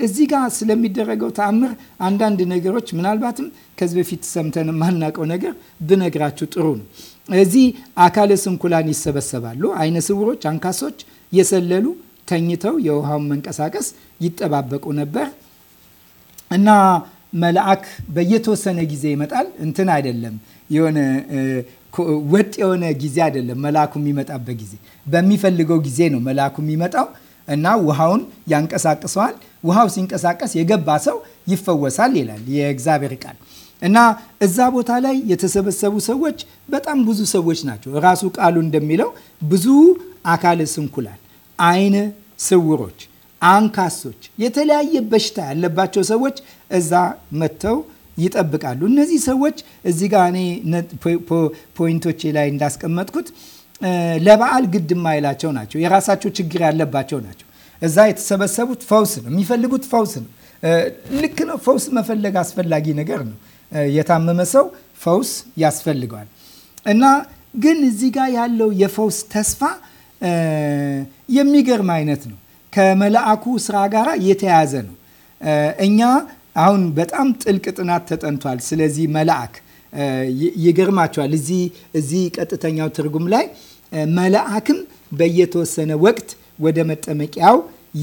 እዚህ ጋር ስለሚደረገው ተአምር አንዳንድ ነገሮች ምናልባትም ከዚህ በፊት ሰምተን የማናውቀው ነገር ብነግራችሁ ጥሩ ነው። እዚህ አካለ ስንኩላን ይሰበሰባሉ። አይነ ስውሮች፣ አንካሶች የሰለሉ ተኝተው የውሃውን መንቀሳቀስ ይጠባበቁ ነበር እና መልአክ በየተወሰነ ጊዜ ይመጣል። እንትን አይደለም የሆነ ወጥ የሆነ ጊዜ አይደለም። መልአኩ የሚመጣበት ጊዜ በሚፈልገው ጊዜ ነው መልአኩ የሚመጣው እና ውሃውን ያንቀሳቅሰዋል። ውሃው ሲንቀሳቀስ የገባ ሰው ይፈወሳል ይላል የእግዚአብሔር ቃል። እና እዛ ቦታ ላይ የተሰበሰቡ ሰዎች በጣም ብዙ ሰዎች ናቸው። ራሱ ቃሉ እንደሚለው ብዙ አካለ ስንኩላል አይነ ስውሮች፣ አንካሶች፣ የተለያየ በሽታ ያለባቸው ሰዎች እዛ መጥተው ይጠብቃሉ። እነዚህ ሰዎች እዚህ ጋ እኔ ፖይንቶቼ ላይ እንዳስቀመጥኩት ለበዓል ግድ የማይላቸው ናቸው። የራሳቸው ችግር ያለባቸው ናቸው። እዛ የተሰበሰቡት ፈውስ ነው የሚፈልጉት፣ ፈውስ ነው። ልክ ነው። ፈውስ መፈለግ አስፈላጊ ነገር ነው። የታመመ ሰው ፈውስ ያስፈልገዋል እና ግን እዚህ ጋር ያለው የፈውስ ተስፋ የሚገርም አይነት ነው። ከመልአኩ ስራ ጋር የተያያዘ ነው። እኛ አሁን በጣም ጥልቅ ጥናት ተጠንቷል። ስለዚህ መልአክ ይገርማቸዋል። እዚህ እዚህ ቀጥተኛው ትርጉም ላይ መልአክም በየተወሰነ ወቅት ወደ መጠመቂያው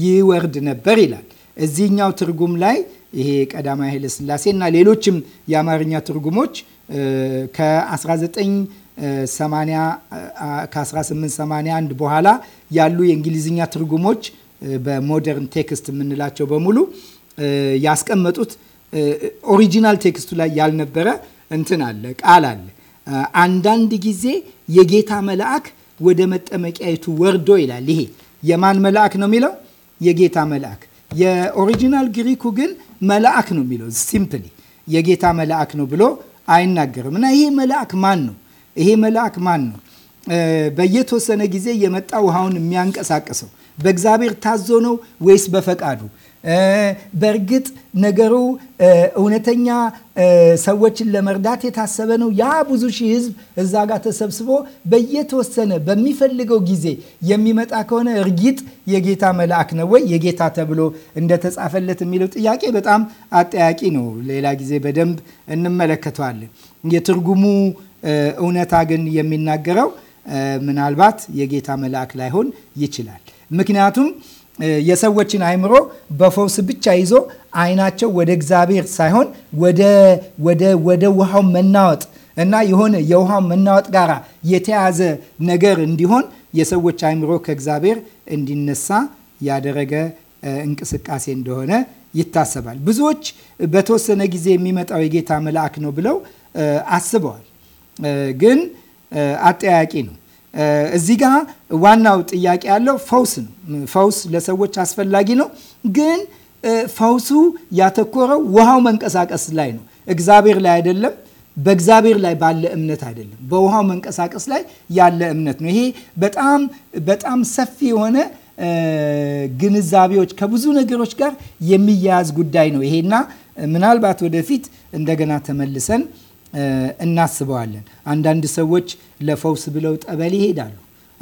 ይወርድ ነበር ይላል። እዚህኛው ትርጉም ላይ ይሄ ቀዳማዊ ኃይለ ሥላሴ እና ሌሎችም የአማርኛ ትርጉሞች ከ19 ከ1881 በኋላ ያሉ የእንግሊዝኛ ትርጉሞች በሞደርን ቴክስት የምንላቸው በሙሉ ያስቀመጡት ኦሪጂናል ቴክስቱ ላይ ያልነበረ እንትን አለ ቃል አለ። አንዳንድ ጊዜ የጌታ መልአክ ወደ መጠመቂያይቱ ወርዶ ይላል። ይሄ የማን መልአክ ነው የሚለው? የጌታ መልአክ። የኦሪጂናል ግሪኩ ግን መልአክ ነው የሚለው ሲምፕሊ የጌታ መልአክ ነው ብሎ አይናገርም። እና ይሄ መልአክ ማን ነው? ይሄ መልአክ ማን ነው? በየተወሰነ ጊዜ የመጣ ውሃውን የሚያንቀሳቅሰው በእግዚአብሔር ታዞ ነው ወይስ በፈቃዱ? በእርግጥ ነገሩ እውነተኛ ሰዎችን ለመርዳት የታሰበ ነው። ያ ብዙ ሺህ ሕዝብ እዛ ጋር ተሰብስቦ በየተወሰነ በሚፈልገው ጊዜ የሚመጣ ከሆነ እርግጥ የጌታ መልአክ ነው ወይ የጌታ ተብሎ እንደተጻፈለት የሚለው ጥያቄ በጣም አጠያቂ ነው። ሌላ ጊዜ በደንብ እንመለከተዋለን የትርጉሙ እውነታ ግን የሚናገረው ምናልባት የጌታ መልአክ ላይሆን ይችላል። ምክንያቱም የሰዎችን አእምሮ በፈውስ ብቻ ይዞ አይናቸው ወደ እግዚአብሔር ሳይሆን ወደ ውሃው መናወጥ እና የሆነ የውሃው መናወጥ ጋር የተያዘ ነገር እንዲሆን የሰዎች አይምሮ ከእግዚአብሔር እንዲነሳ ያደረገ እንቅስቃሴ እንደሆነ ይታሰባል። ብዙዎች በተወሰነ ጊዜ የሚመጣው የጌታ መልአክ ነው ብለው አስበዋል። ግን አጠያቂ ነው። እዚህ ጋ ዋናው ጥያቄ ያለው ፈውስ ነው። ፈውስ ለሰዎች አስፈላጊ ነው፣ ግን ፈውሱ ያተኮረው ውሃው መንቀሳቀስ ላይ ነው። እግዚአብሔር ላይ አይደለም። በእግዚአብሔር ላይ ባለ እምነት አይደለም። በውሃው መንቀሳቀስ ላይ ያለ እምነት ነው። ይሄ በጣም በጣም ሰፊ የሆነ ግንዛቤዎች ከብዙ ነገሮች ጋር የሚያያዝ ጉዳይ ነው። ይሄና ምናልባት ወደፊት እንደገና ተመልሰን እናስበዋለን። አንዳንድ ሰዎች ለፈውስ ብለው ጠበል ይሄዳሉ።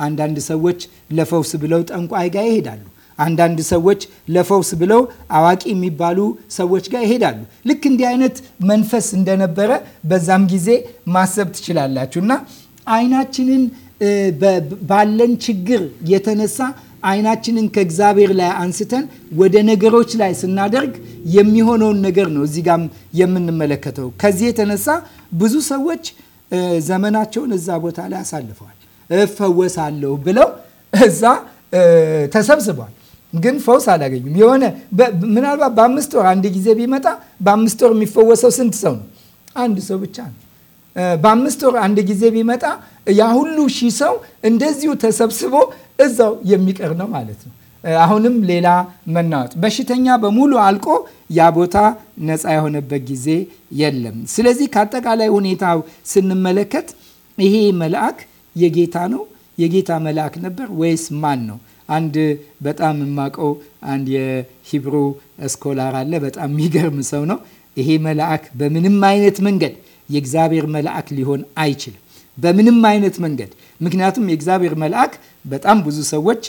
አንዳንድ ሰዎች ለፈውስ ብለው ጠንቋይ ጋር ይሄዳሉ። አንዳንድ ሰዎች ለፈውስ ብለው አዋቂ የሚባሉ ሰዎች ጋር ይሄዳሉ። ልክ እንዲህ አይነት መንፈስ እንደነበረ በዛም ጊዜ ማሰብ ትችላላችሁ እና አይናችንን ባለን ችግር የተነሳ አይናችንን ከእግዚአብሔር ላይ አንስተን ወደ ነገሮች ላይ ስናደርግ የሚሆነውን ነገር ነው እዚህ ጋም የምንመለከተው። ከዚህ የተነሳ ብዙ ሰዎች ዘመናቸውን እዛ ቦታ ላይ አሳልፈዋል። እፈወሳለሁ ብለው እዛ ተሰብስበዋል፣ ግን ፈውስ አላገኙም። የሆነ ምናልባት በአምስት ወር አንድ ጊዜ ቢመጣ በአምስት ወር የሚፈወሰው ስንት ሰው ነው? አንድ ሰው ብቻ ነው። በአምስት ወር አንድ ጊዜ ቢመጣ ያ ሁሉ ሺህ ሰው እንደዚሁ ተሰብስቦ እዛው የሚቀር ነው ማለት ነው። አሁንም ሌላ መናወጥ በሽተኛ በሙሉ አልቆ ያ ቦታ ነፃ የሆነበት ጊዜ የለም። ስለዚህ ከአጠቃላይ ሁኔታው ስንመለከት ይሄ መልአክ የጌታ ነው የጌታ መልአክ ነበር ወይስ ማን ነው? አንድ በጣም የማውቀው አንድ የሂብሩ ስኮላር አለ። በጣም የሚገርም ሰው ነው። ይሄ መልአክ በምንም አይነት መንገድ የእግዚአብሔር መልአክ ሊሆን አይችልም። በምንም አይነት መንገድ ምክንያቱም የእግዚአብሔር መልአክ በጣም ብዙ ሰዎች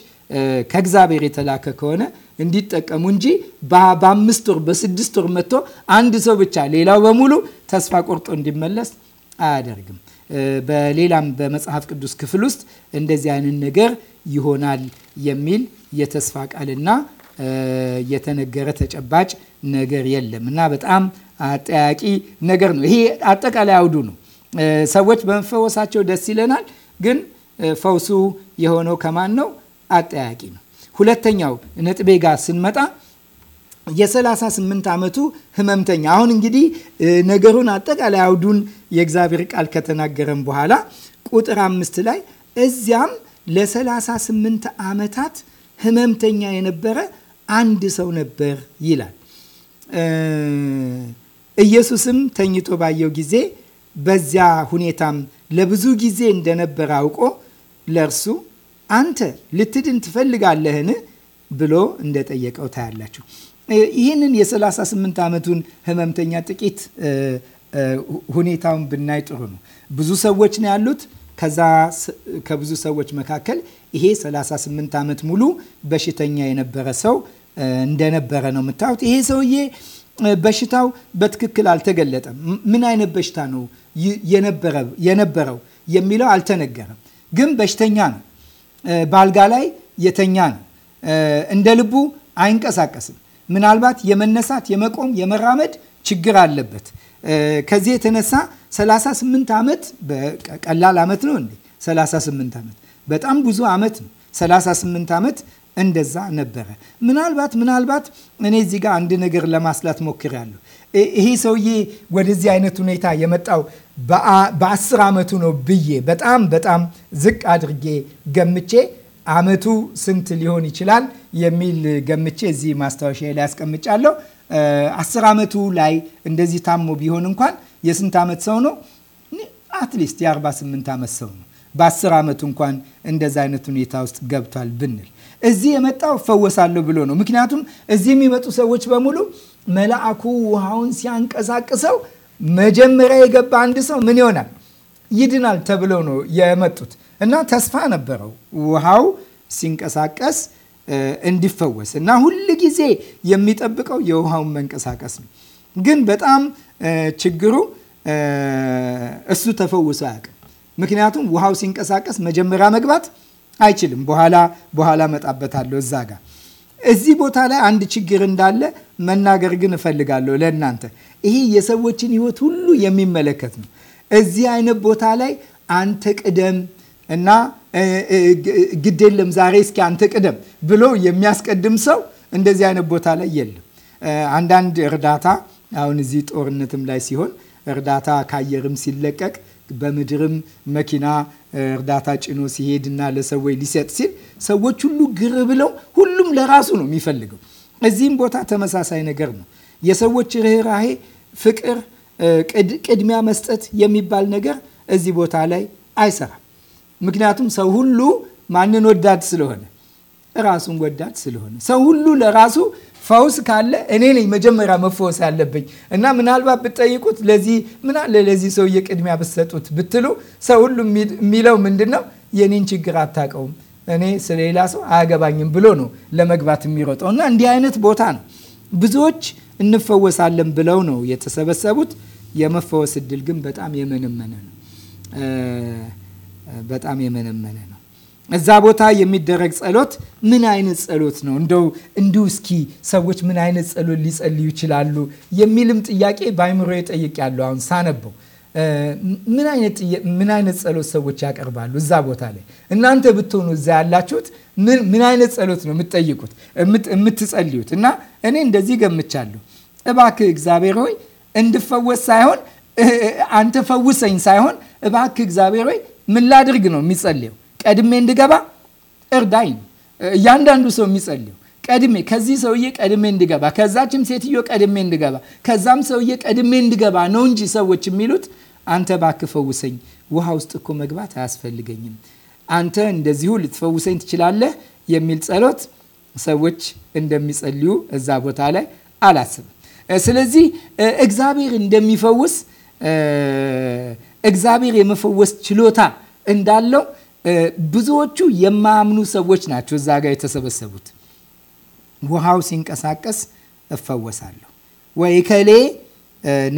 ከእግዚአብሔር የተላከ ከሆነ እንዲጠቀሙ እንጂ በአምስት ወር በስድስት ወር መጥቶ አንድ ሰው ብቻ ሌላው በሙሉ ተስፋ ቆርጦ እንዲመለስ አያደርግም። በሌላም በመጽሐፍ ቅዱስ ክፍል ውስጥ እንደዚህ አይነት ነገር ይሆናል የሚል የተስፋ ቃልና የተነገረ ተጨባጭ ነገር የለም እና በጣም አጠያቂ ነገር ነው። ይሄ አጠቃላይ አውዱ ነው። ሰዎች በመፈወሳቸው ደስ ይለናል ግን ፈውሱ የሆነው ከማን ነው? አጠያቂ ነው። ሁለተኛው ነጥቤ ጋር ስንመጣ የ38 ዓመቱ ህመምተኛ አሁን እንግዲህ ነገሩን አጠቃላይ አውዱን የእግዚአብሔር ቃል ከተናገረን በኋላ ቁጥር አምስት ላይ እዚያም ለ38 ዓመታት ህመምተኛ የነበረ አንድ ሰው ነበር ይላል። ኢየሱስም ተኝቶ ባየው ጊዜ በዚያ ሁኔታም ለብዙ ጊዜ እንደነበረ አውቆ ለእርሱ አንተ ልትድን ትፈልጋለህን ብሎ እንደጠየቀው ታያላችሁ። ይህንን የ38 ዓመቱን ህመምተኛ ጥቂት ሁኔታውን ብናይ ጥሩ ነው። ብዙ ሰዎች ነው ያሉት። ከዛ ከብዙ ሰዎች መካከል ይሄ 38 ዓመት ሙሉ በሽተኛ የነበረ ሰው እንደነበረ ነው የምታዩት። ይሄ ሰውዬ በሽታው በትክክል አልተገለጠም። ምን አይነት በሽታ ነው የነበረው የሚለው አልተነገረም። ግን በሽተኛ ነው። በአልጋ ላይ የተኛ ነው። እንደ ልቡ አይንቀሳቀስም። ምናልባት የመነሳት የመቆም የመራመድ ችግር አለበት። ከዚህ የተነሳ 38 ዓመት ቀላል ዓመት ነው እንዴ? 38 ዓመት በጣም ብዙ ዓመት ነው። 38 ዓመት እንደዛ ነበረ። ምናልባት ምናልባት እኔ እዚህ ጋር አንድ ነገር ለማስላት ሞክሬያለሁ። ይሄ ሰውዬ ወደዚህ አይነት ሁኔታ የመጣው በአስር ዓመቱ ነው ብዬ በጣም በጣም ዝቅ አድርጌ ገምቼ ዓመቱ ስንት ሊሆን ይችላል የሚል ገምቼ እዚህ ማስታወሻ ላይ ያስቀምጫለሁ። አስር ዓመቱ ላይ እንደዚህ ታሞ ቢሆን እንኳን የስንት ዓመት ሰው ነው? አትሊስት የ48 ዓመት ሰው ነው። በአስር ዓመቱ እንኳን እንደዛ አይነት ሁኔታ ውስጥ ገብቷል ብንል እዚህ የመጣው እፈወሳለሁ ብሎ ነው። ምክንያቱም እዚህ የሚመጡ ሰዎች በሙሉ መልአኩ ውሃውን ሲያንቀሳቅሰው መጀመሪያ የገባ አንድ ሰው ምን ይሆናል? ይድናል ተብለው ነው የመጡት እና ተስፋ ነበረው ውሃው ሲንቀሳቀስ እንዲፈወስ እና ሁል ጊዜ የሚጠብቀው የውሃውን መንቀሳቀስ ነው። ግን በጣም ችግሩ እሱ ተፈውሶ አያውቅም። ምክንያቱም ውሃው ሲንቀሳቀስ መጀመሪያ መግባት አይችልም። በኋላ በኋላ እመጣበታለሁ እዛ ጋር እዚህ ቦታ ላይ አንድ ችግር እንዳለ መናገር ግን እፈልጋለሁ ለእናንተ። ይሄ የሰዎችን ህይወት ሁሉ የሚመለከት ነው። እዚህ አይነት ቦታ ላይ አንተ ቅደም እና ግድ የለም ዛሬ እስኪ አንተ ቅደም ብሎ የሚያስቀድም ሰው እንደዚህ አይነት ቦታ ላይ የለም። አንዳንድ እርዳታ አሁን እዚህ ጦርነትም ላይ ሲሆን እርዳታ ከአየርም ሲለቀቅ በምድርም መኪና እርዳታ ጭኖ ሲሄድና ለሰዎች ሊሰጥ ሲል ሰዎች ሁሉ ግር ብለው ሁሉም ለራሱ ነው የሚፈልገው። እዚህም ቦታ ተመሳሳይ ነገር ነው። የሰዎች ርኅራሄ፣ ፍቅር፣ ቅድሚያ መስጠት የሚባል ነገር እዚህ ቦታ ላይ አይሰራም። ምክንያቱም ሰው ሁሉ ማንን ወዳድ ስለሆነ ራሱን ወዳድ ስለሆነ ሰው ሁሉ ለራሱ ፈውስ ካለ እኔ ነኝ መጀመሪያ መፈወስ ያለብኝ እና ምናልባት ብትጠይቁት ለዚህ ምናለ ለዚህ ሰው ቅድሚያ ብትሰጡት ብትሉ ሰው ሁሉ የሚለው ምንድን ነው? የኔን ችግር አታውቀውም፣ እኔ ስለሌላ ሰው አያገባኝም ብሎ ነው ለመግባት የሚሮጠው እና እንዲህ አይነት ቦታ ነው ብዙዎች እንፈወሳለን ብለው ነው የተሰበሰቡት። የመፈወስ እድል ግን በጣም የመነመነ ነው። በጣም የመነመነ ነው። እዛ ቦታ የሚደረግ ጸሎት ምን አይነት ጸሎት ነው? እንደው እንዲሁ እስኪ ሰዎች ምን አይነት ጸሎት ሊጸልዩ ይችላሉ የሚልም ጥያቄ በአይምሮ ጠይቅ ያለው አሁን ሳነበው ምን አይነት ጸሎት ሰዎች ያቀርባሉ እዛ ቦታ ላይ እናንተ ብትሆኑ እዛ ያላችሁት ምን አይነት ጸሎት ነው የምትጠይቁት የምትጸልዩት? እና እኔ እንደዚህ ገምቻለሁ። እባክህ እግዚአብሔር ሆይ እንድፈወስ ሳይሆን አንተ ፈውሰኝ ሳይሆን እባክህ እግዚአብሔር ሆይ ምን ላድርግ ነው የሚጸልየው ቀድሜ እንድገባ እርዳኝ። እያንዳንዱ ሰው የሚጸልዩ ቀድሜ ከዚህ ሰውዬ ቀድሜ እንድገባ፣ ከዛችም ሴትዮ ቀድሜ እንድገባ፣ ከዛም ሰውዬ ቀድሜ እንድገባ ነው እንጂ ሰዎች የሚሉት አንተ እባክህ ፈውሰኝ፣ ውሃ ውስጥ እኮ መግባት አያስፈልገኝም፣ አንተ እንደዚሁ ልትፈውሰኝ ትችላለህ የሚል ጸሎት ሰዎች እንደሚጸልዩ እዛ ቦታ ላይ አላስብም። ስለዚህ እግዚአብሔር እንደሚፈውስ እግዚአብሔር የመፈወስ ችሎታ እንዳለው ብዙዎቹ የማያምኑ ሰዎች ናቸው እዛ ጋር የተሰበሰቡት። ውሃው ሲንቀሳቀስ እፈወሳለሁ ወይ ከሌ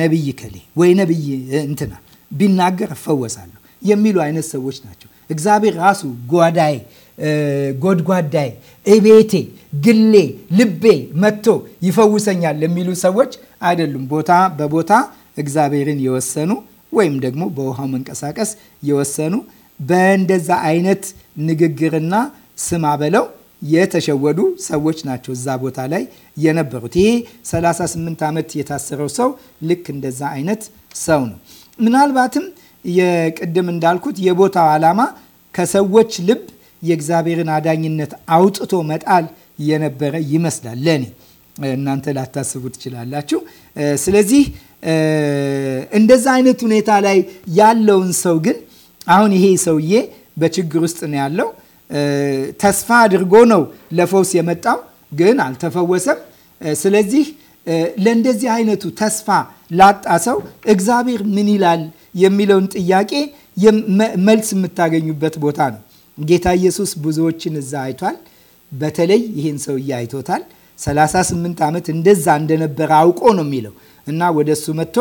ነቢይ ከሌ ወይ ነቢይ እንትና ቢናገር እፈወሳለሁ የሚሉ አይነት ሰዎች ናቸው። እግዚአብሔር ራሱ ጓዳይ ጎድጓዳይ እቤቴ፣ ግሌ፣ ልቤ መጥቶ ይፈውሰኛል የሚሉ ሰዎች አይደሉም። ቦታ በቦታ እግዚአብሔርን የወሰኑ ወይም ደግሞ በውሃው መንቀሳቀስ የወሰኑ በእንደዛ አይነት ንግግርና ስማ በለው የተሸወዱ ሰዎች ናቸው እዛ ቦታ ላይ የነበሩት። ይሄ 38 ዓመት የታሰረው ሰው ልክ እንደዛ አይነት ሰው ነው። ምናልባትም የቅድም እንዳልኩት የቦታው ዓላማ ከሰዎች ልብ የእግዚአብሔርን አዳኝነት አውጥቶ መጣል የነበረ ይመስላል ለእኔ። እናንተ ላታስቡ ትችላላችሁ። ስለዚህ እንደዛ አይነት ሁኔታ ላይ ያለውን ሰው ግን አሁን ይሄ ሰውዬ በችግር ውስጥ ነው ያለው። ተስፋ አድርጎ ነው ለፈውስ የመጣው፣ ግን አልተፈወሰም። ስለዚህ ለእንደዚህ አይነቱ ተስፋ ላጣ ሰው እግዚአብሔር ምን ይላል የሚለውን ጥያቄ መልስ የምታገኙበት ቦታ ነው። ጌታ ኢየሱስ ብዙዎችን እዛ አይቷል። በተለይ ይህን ሰውዬ አይቶታል። 38 ዓመት እንደዛ እንደነበረ አውቆ ነው የሚለው እና ወደ እሱ መጥቶ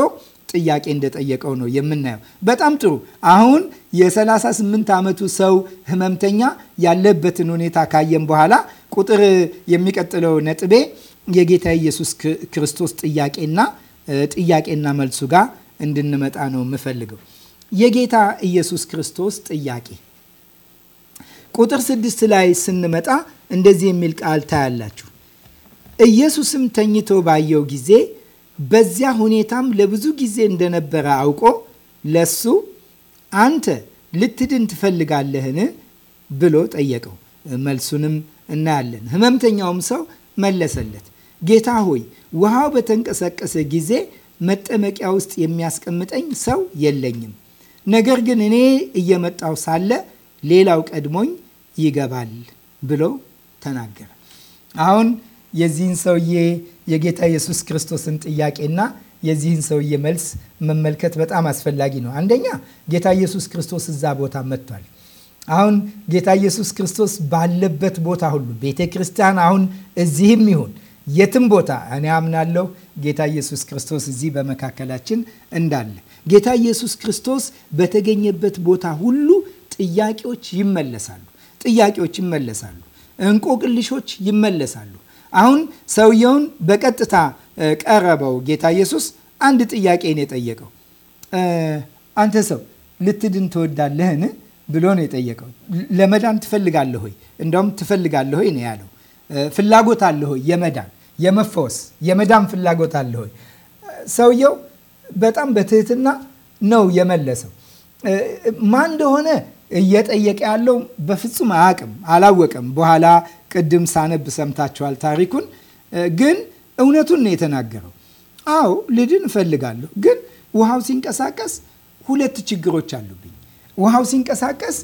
ጥያቄ እንደጠየቀው ነው የምናየው። በጣም ጥሩ። አሁን የ38 ዓመቱ ሰው ህመምተኛ ያለበትን ሁኔታ ካየን በኋላ ቁጥር የሚቀጥለው ነጥቤ የጌታ ኢየሱስ ክርስቶስ ጥያቄና ጥያቄና መልሱ ጋር እንድንመጣ ነው የምፈልገው። የጌታ ኢየሱስ ክርስቶስ ጥያቄ ቁጥር ስድስት ላይ ስንመጣ እንደዚህ የሚል ቃል ታያላችሁ። ኢየሱስም ተኝቶ ባየው ጊዜ በዚያ ሁኔታም ለብዙ ጊዜ እንደነበረ አውቆ ለሱ አንተ ልትድን ትፈልጋለህን ብሎ ጠየቀው። መልሱንም እናያለን። ህመምተኛውም ሰው መለሰለት፣ ጌታ ሆይ ውሃው በተንቀሳቀሰ ጊዜ መጠመቂያ ውስጥ የሚያስቀምጠኝ ሰው የለኝም። ነገር ግን እኔ እየመጣው ሳለ ሌላው ቀድሞኝ ይገባል ብሎ ተናገረ። አሁን የዚህን ሰውዬ የጌታ ኢየሱስ ክርስቶስን ጥያቄና የዚህን ሰውዬ መልስ መመልከት በጣም አስፈላጊ ነው። አንደኛ ጌታ ኢየሱስ ክርስቶስ እዛ ቦታ መጥቷል። አሁን ጌታ ኢየሱስ ክርስቶስ ባለበት ቦታ ሁሉ ቤተ ክርስቲያን፣ አሁን እዚህም ይሁን የትም ቦታ እኔ አምናለሁ ጌታ ኢየሱስ ክርስቶስ እዚህ በመካከላችን እንዳለ ጌታ ኢየሱስ ክርስቶስ በተገኘበት ቦታ ሁሉ ጥያቄዎች ይመለሳሉ። ጥያቄዎች ይመለሳሉ። እንቆቅልሾች ይመለሳሉ። አሁን ሰውየውን በቀጥታ ቀረበው ጌታ ኢየሱስ። አንድ ጥያቄ ነው የጠየቀው። አንተ ሰው ልትድን ትወዳለህን ብሎ ነው የጠየቀው። ለመዳን ትፈልጋለህ ሆይ? እንደውም ትፈልጋለህ ሆይ ነው ያለው። ፍላጎት አለ ሆይ? የመዳን የመፈወስ የመዳን ፍላጎት አለ ሆይ? ሰውየው በጣም በትህትና ነው የመለሰው። ማን እንደሆነ እየጠየቀ ያለው በፍጹም አያውቅም፣ አላወቀም። በኋላ ቅድም ሳነብ ሰምታችኋል ታሪኩን። ግን እውነቱን ነው የተናገረው። አዎ ልድን እፈልጋለሁ፣ ግን ውሃው ሲንቀሳቀስ ሁለት ችግሮች አሉብኝ። ውሃው ሲንቀሳቀስ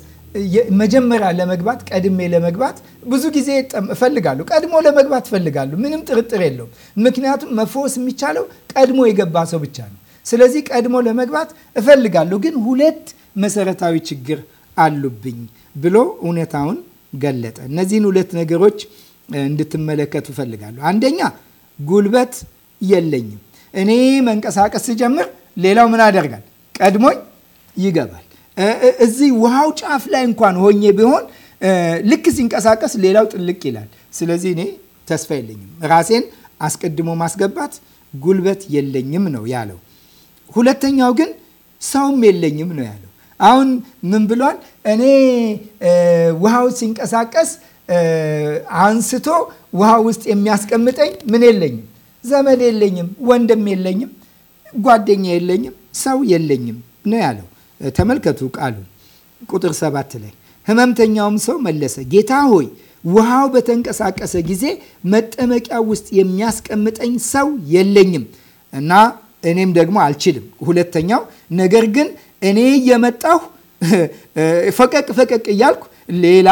መጀመሪያ ለመግባት ቀድሜ ለመግባት ብዙ ጊዜ እፈልጋለሁ። ቀድሞ ለመግባት እፈልጋለሁ፣ ምንም ጥርጥር የለውም። ምክንያቱም መፈወስ የሚቻለው ቀድሞ የገባ ሰው ብቻ ነው። ስለዚህ ቀድሞ ለመግባት እፈልጋለሁ፣ ግን ሁለት መሰረታዊ ችግር አሉብኝ ብሎ እውነታውን ገለጠ። እነዚህን ሁለት ነገሮች እንድትመለከቱ እፈልጋለሁ። አንደኛ ጉልበት የለኝም። እኔ መንቀሳቀስ ስጀምር ሌላው ምን አደርጋል? ቀድሞኝ ይገባል። እዚህ ውሃው ጫፍ ላይ እንኳን ሆኜ ቢሆን ልክ ሲንቀሳቀስ ሌላው ጥልቅ ይላል። ስለዚህ እኔ ተስፋ የለኝም። ራሴን አስቀድሞ ማስገባት ጉልበት የለኝም ነው ያለው። ሁለተኛው ግን ሰውም የለኝም ነው ያለው። አሁን ምን ብሏል? እኔ ውሃው ሲንቀሳቀስ አንስቶ ውሃ ውስጥ የሚያስቀምጠኝ ምን የለኝም፣ ዘመድ የለኝም፣ ወንድም የለኝም፣ ጓደኛ የለኝም፣ ሰው የለኝም ነው ያለው። ተመልከቱ ቃሉ ቁጥር ሰባት ላይ ህመምተኛውም ሰው መለሰ፣ ጌታ ሆይ ውሃው በተንቀሳቀሰ ጊዜ መጠመቂያ ውስጥ የሚያስቀምጠኝ ሰው የለኝም እና እኔም ደግሞ አልችልም። ሁለተኛው ነገር ግን እኔ እየመጣሁ ፈቀቅ ፈቀቅ እያልኩ ሌላ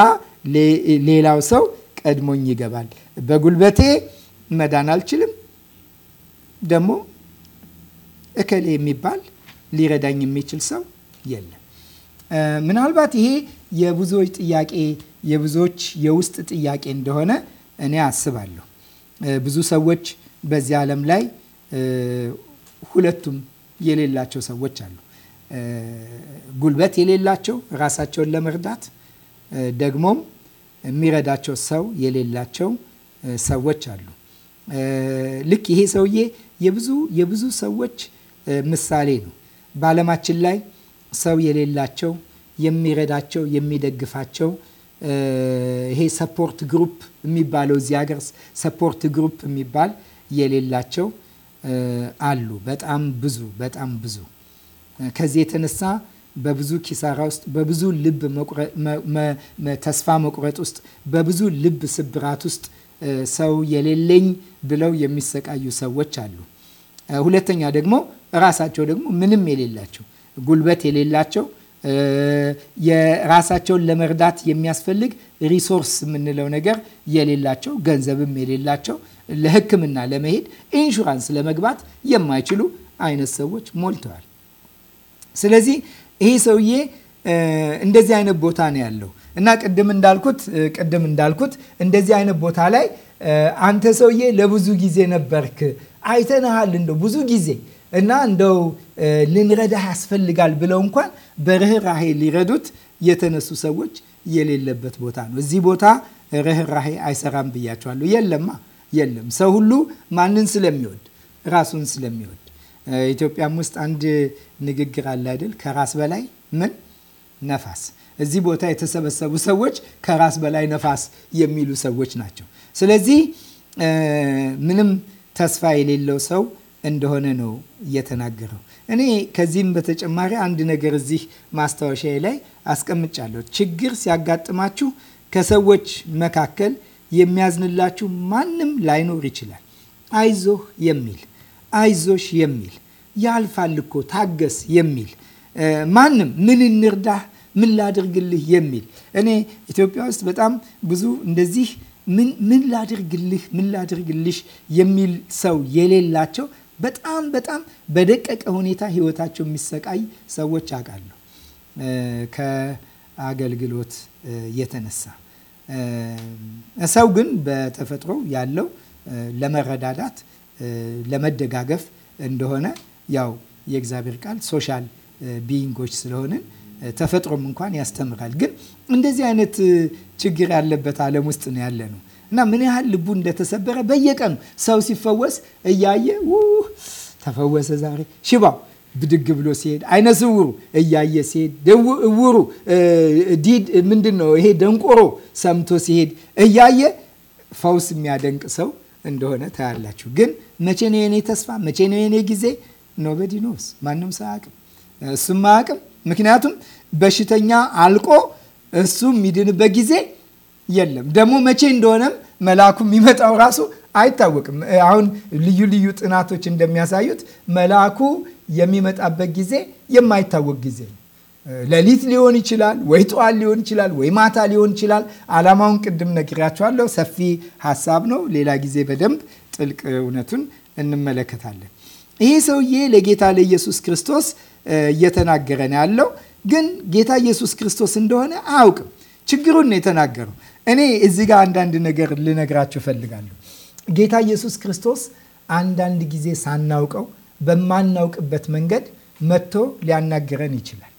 ሌላው ሰው ቀድሞኝ ይገባል። በጉልበቴ መዳን አልችልም። ደግሞ እከሌ የሚባል ሊረዳኝ የሚችል ሰው የለም። ምናልባት ይሄ የብዙዎች ጥያቄ የብዙዎች የውስጥ ጥያቄ እንደሆነ እኔ አስባለሁ። ብዙ ሰዎች በዚህ ዓለም ላይ ሁለቱም የሌላቸው ሰዎች አሉ። ጉልበት የሌላቸው ራሳቸውን ለመርዳት ደግሞም የሚረዳቸው ሰው የሌላቸው ሰዎች አሉ። ልክ ይሄ ሰውዬ የብዙ የብዙ ሰዎች ምሳሌ ነው። በዓለማችን ላይ ሰው የሌላቸው የሚረዳቸው፣ የሚደግፋቸው ይሄ ሰፖርት ግሩፕ የሚባለው እዚህ ሀገር ሰፖርት ግሩፕ የሚባል የሌላቸው አሉ። በጣም ብዙ በጣም ብዙ ከዚህ የተነሳ በብዙ ኪሳራ ውስጥ፣ በብዙ ልብ ተስፋ መቁረጥ ውስጥ፣ በብዙ ልብ ስብራት ውስጥ ሰው የሌለኝ ብለው የሚሰቃዩ ሰዎች አሉ። ሁለተኛ ደግሞ ራሳቸው ደግሞ ምንም የሌላቸው ጉልበት የሌላቸው የራሳቸውን ለመርዳት የሚያስፈልግ ሪሶርስ የምንለው ነገር የሌላቸው ገንዘብም የሌላቸው ለሕክምና ለመሄድ ኢንሹራንስ ለመግባት የማይችሉ አይነት ሰዎች ሞልተዋል። ስለዚህ ይሄ ሰውዬ እንደዚህ አይነት ቦታ ነው ያለው እና ቅድም እንዳልኩት ቅድም እንዳልኩት እንደዚህ አይነት ቦታ ላይ አንተ ሰውዬ ለብዙ ጊዜ ነበርክ፣ አይተንሃል እንደው ብዙ ጊዜ እና እንደው ልንረዳህ ያስፈልጋል ብለው እንኳን በርህራሄ ሊረዱት የተነሱ ሰዎች የሌለበት ቦታ ነው። እዚህ ቦታ ርህራሄ አይሰራም ብያቸዋለሁ። የለማ የለም። ሰው ሁሉ ማንን ስለሚወድ ራሱን ስለሚወድ ኢትዮጵያም ውስጥ አንድ ንግግር አለ አይደል? ከራስ በላይ ምን ነፋስ። እዚህ ቦታ የተሰበሰቡ ሰዎች ከራስ በላይ ነፋስ የሚሉ ሰዎች ናቸው። ስለዚህ ምንም ተስፋ የሌለው ሰው እንደሆነ ነው እየተናገረው። እኔ ከዚህም በተጨማሪ አንድ ነገር እዚህ ማስታወሻዬ ላይ አስቀምጫለሁ። ችግር ሲያጋጥማችሁ ከሰዎች መካከል የሚያዝንላችሁ ማንም ላይኖር ይችላል። አይዞህ የሚል አይዞሽ የሚል ያልፋል እኮ ታገስ የሚል ማንም ምን እንርዳህ ምን ላድርግልህ የሚል እኔ ኢትዮጵያ ውስጥ በጣም ብዙ እንደዚህ ምን ላድርግልህ ምን ላድርግልሽ የሚል ሰው የሌላቸው በጣም በጣም በደቀቀ ሁኔታ ህይወታቸው የሚሰቃይ ሰዎች አውቃለሁ ከአገልግሎት የተነሳ ሰው ግን በተፈጥሮ ያለው ለመረዳዳት ለመደጋገፍ እንደሆነ ያው የእግዚአብሔር ቃል ሶሻል ቢይንጎች ስለሆንን ተፈጥሮም እንኳን ያስተምራል። ግን እንደዚህ አይነት ችግር ያለበት ዓለም ውስጥ ነው ያለ ነው እና ምን ያህል ልቡ እንደተሰበረ በየቀኑ ሰው ሲፈወስ እያየ ተፈወሰ ዛሬ ሽባው ብድግ ብሎ ሲሄድ አይነ ስውሩ እያየ ሲሄድ እውሩ ዲድ ምንድን ነው ይሄ ደንቆሮ ሰምቶ ሲሄድ እያየ ፈውስ የሚያደንቅ ሰው እንደሆነ ታያላችሁ። ግን መቼ ነው የኔ ተስፋ? መቼ ነው የኔ ጊዜ? ኖበዲ ኖስ ማንም ሰው አያውቅም፣ እሱም አያውቅም። ምክንያቱም በሽተኛ አልቆ እሱ የሚድንበት ጊዜ የለም። ደግሞ መቼ እንደሆነም መልአኩ የሚመጣው ራሱ አይታወቅም። አሁን ልዩ ልዩ ጥናቶች እንደሚያሳዩት መልአኩ የሚመጣበት ጊዜ የማይታወቅ ጊዜ ሌሊት ሊሆን ይችላል ወይ ጠዋት ሊሆን ይችላል ወይ ማታ ሊሆን ይችላል። ዓላማውን ቅድም ነግሪያቸዋለሁ። ሰፊ ሀሳብ ነው። ሌላ ጊዜ በደንብ ጥልቅ እውነቱን እንመለከታለን። ይሄ ሰውዬ ለጌታ ለኢየሱስ ክርስቶስ እየተናገረን ያለው፣ ግን ጌታ ኢየሱስ ክርስቶስ እንደሆነ አያውቅም። ችግሩን ነው የተናገረው። እኔ እዚ ጋር አንዳንድ ነገር ልነግራችሁ እፈልጋለሁ። ጌታ ኢየሱስ ክርስቶስ አንዳንድ ጊዜ ሳናውቀው በማናውቅበት መንገድ መጥቶ ሊያናግረን ይችላል።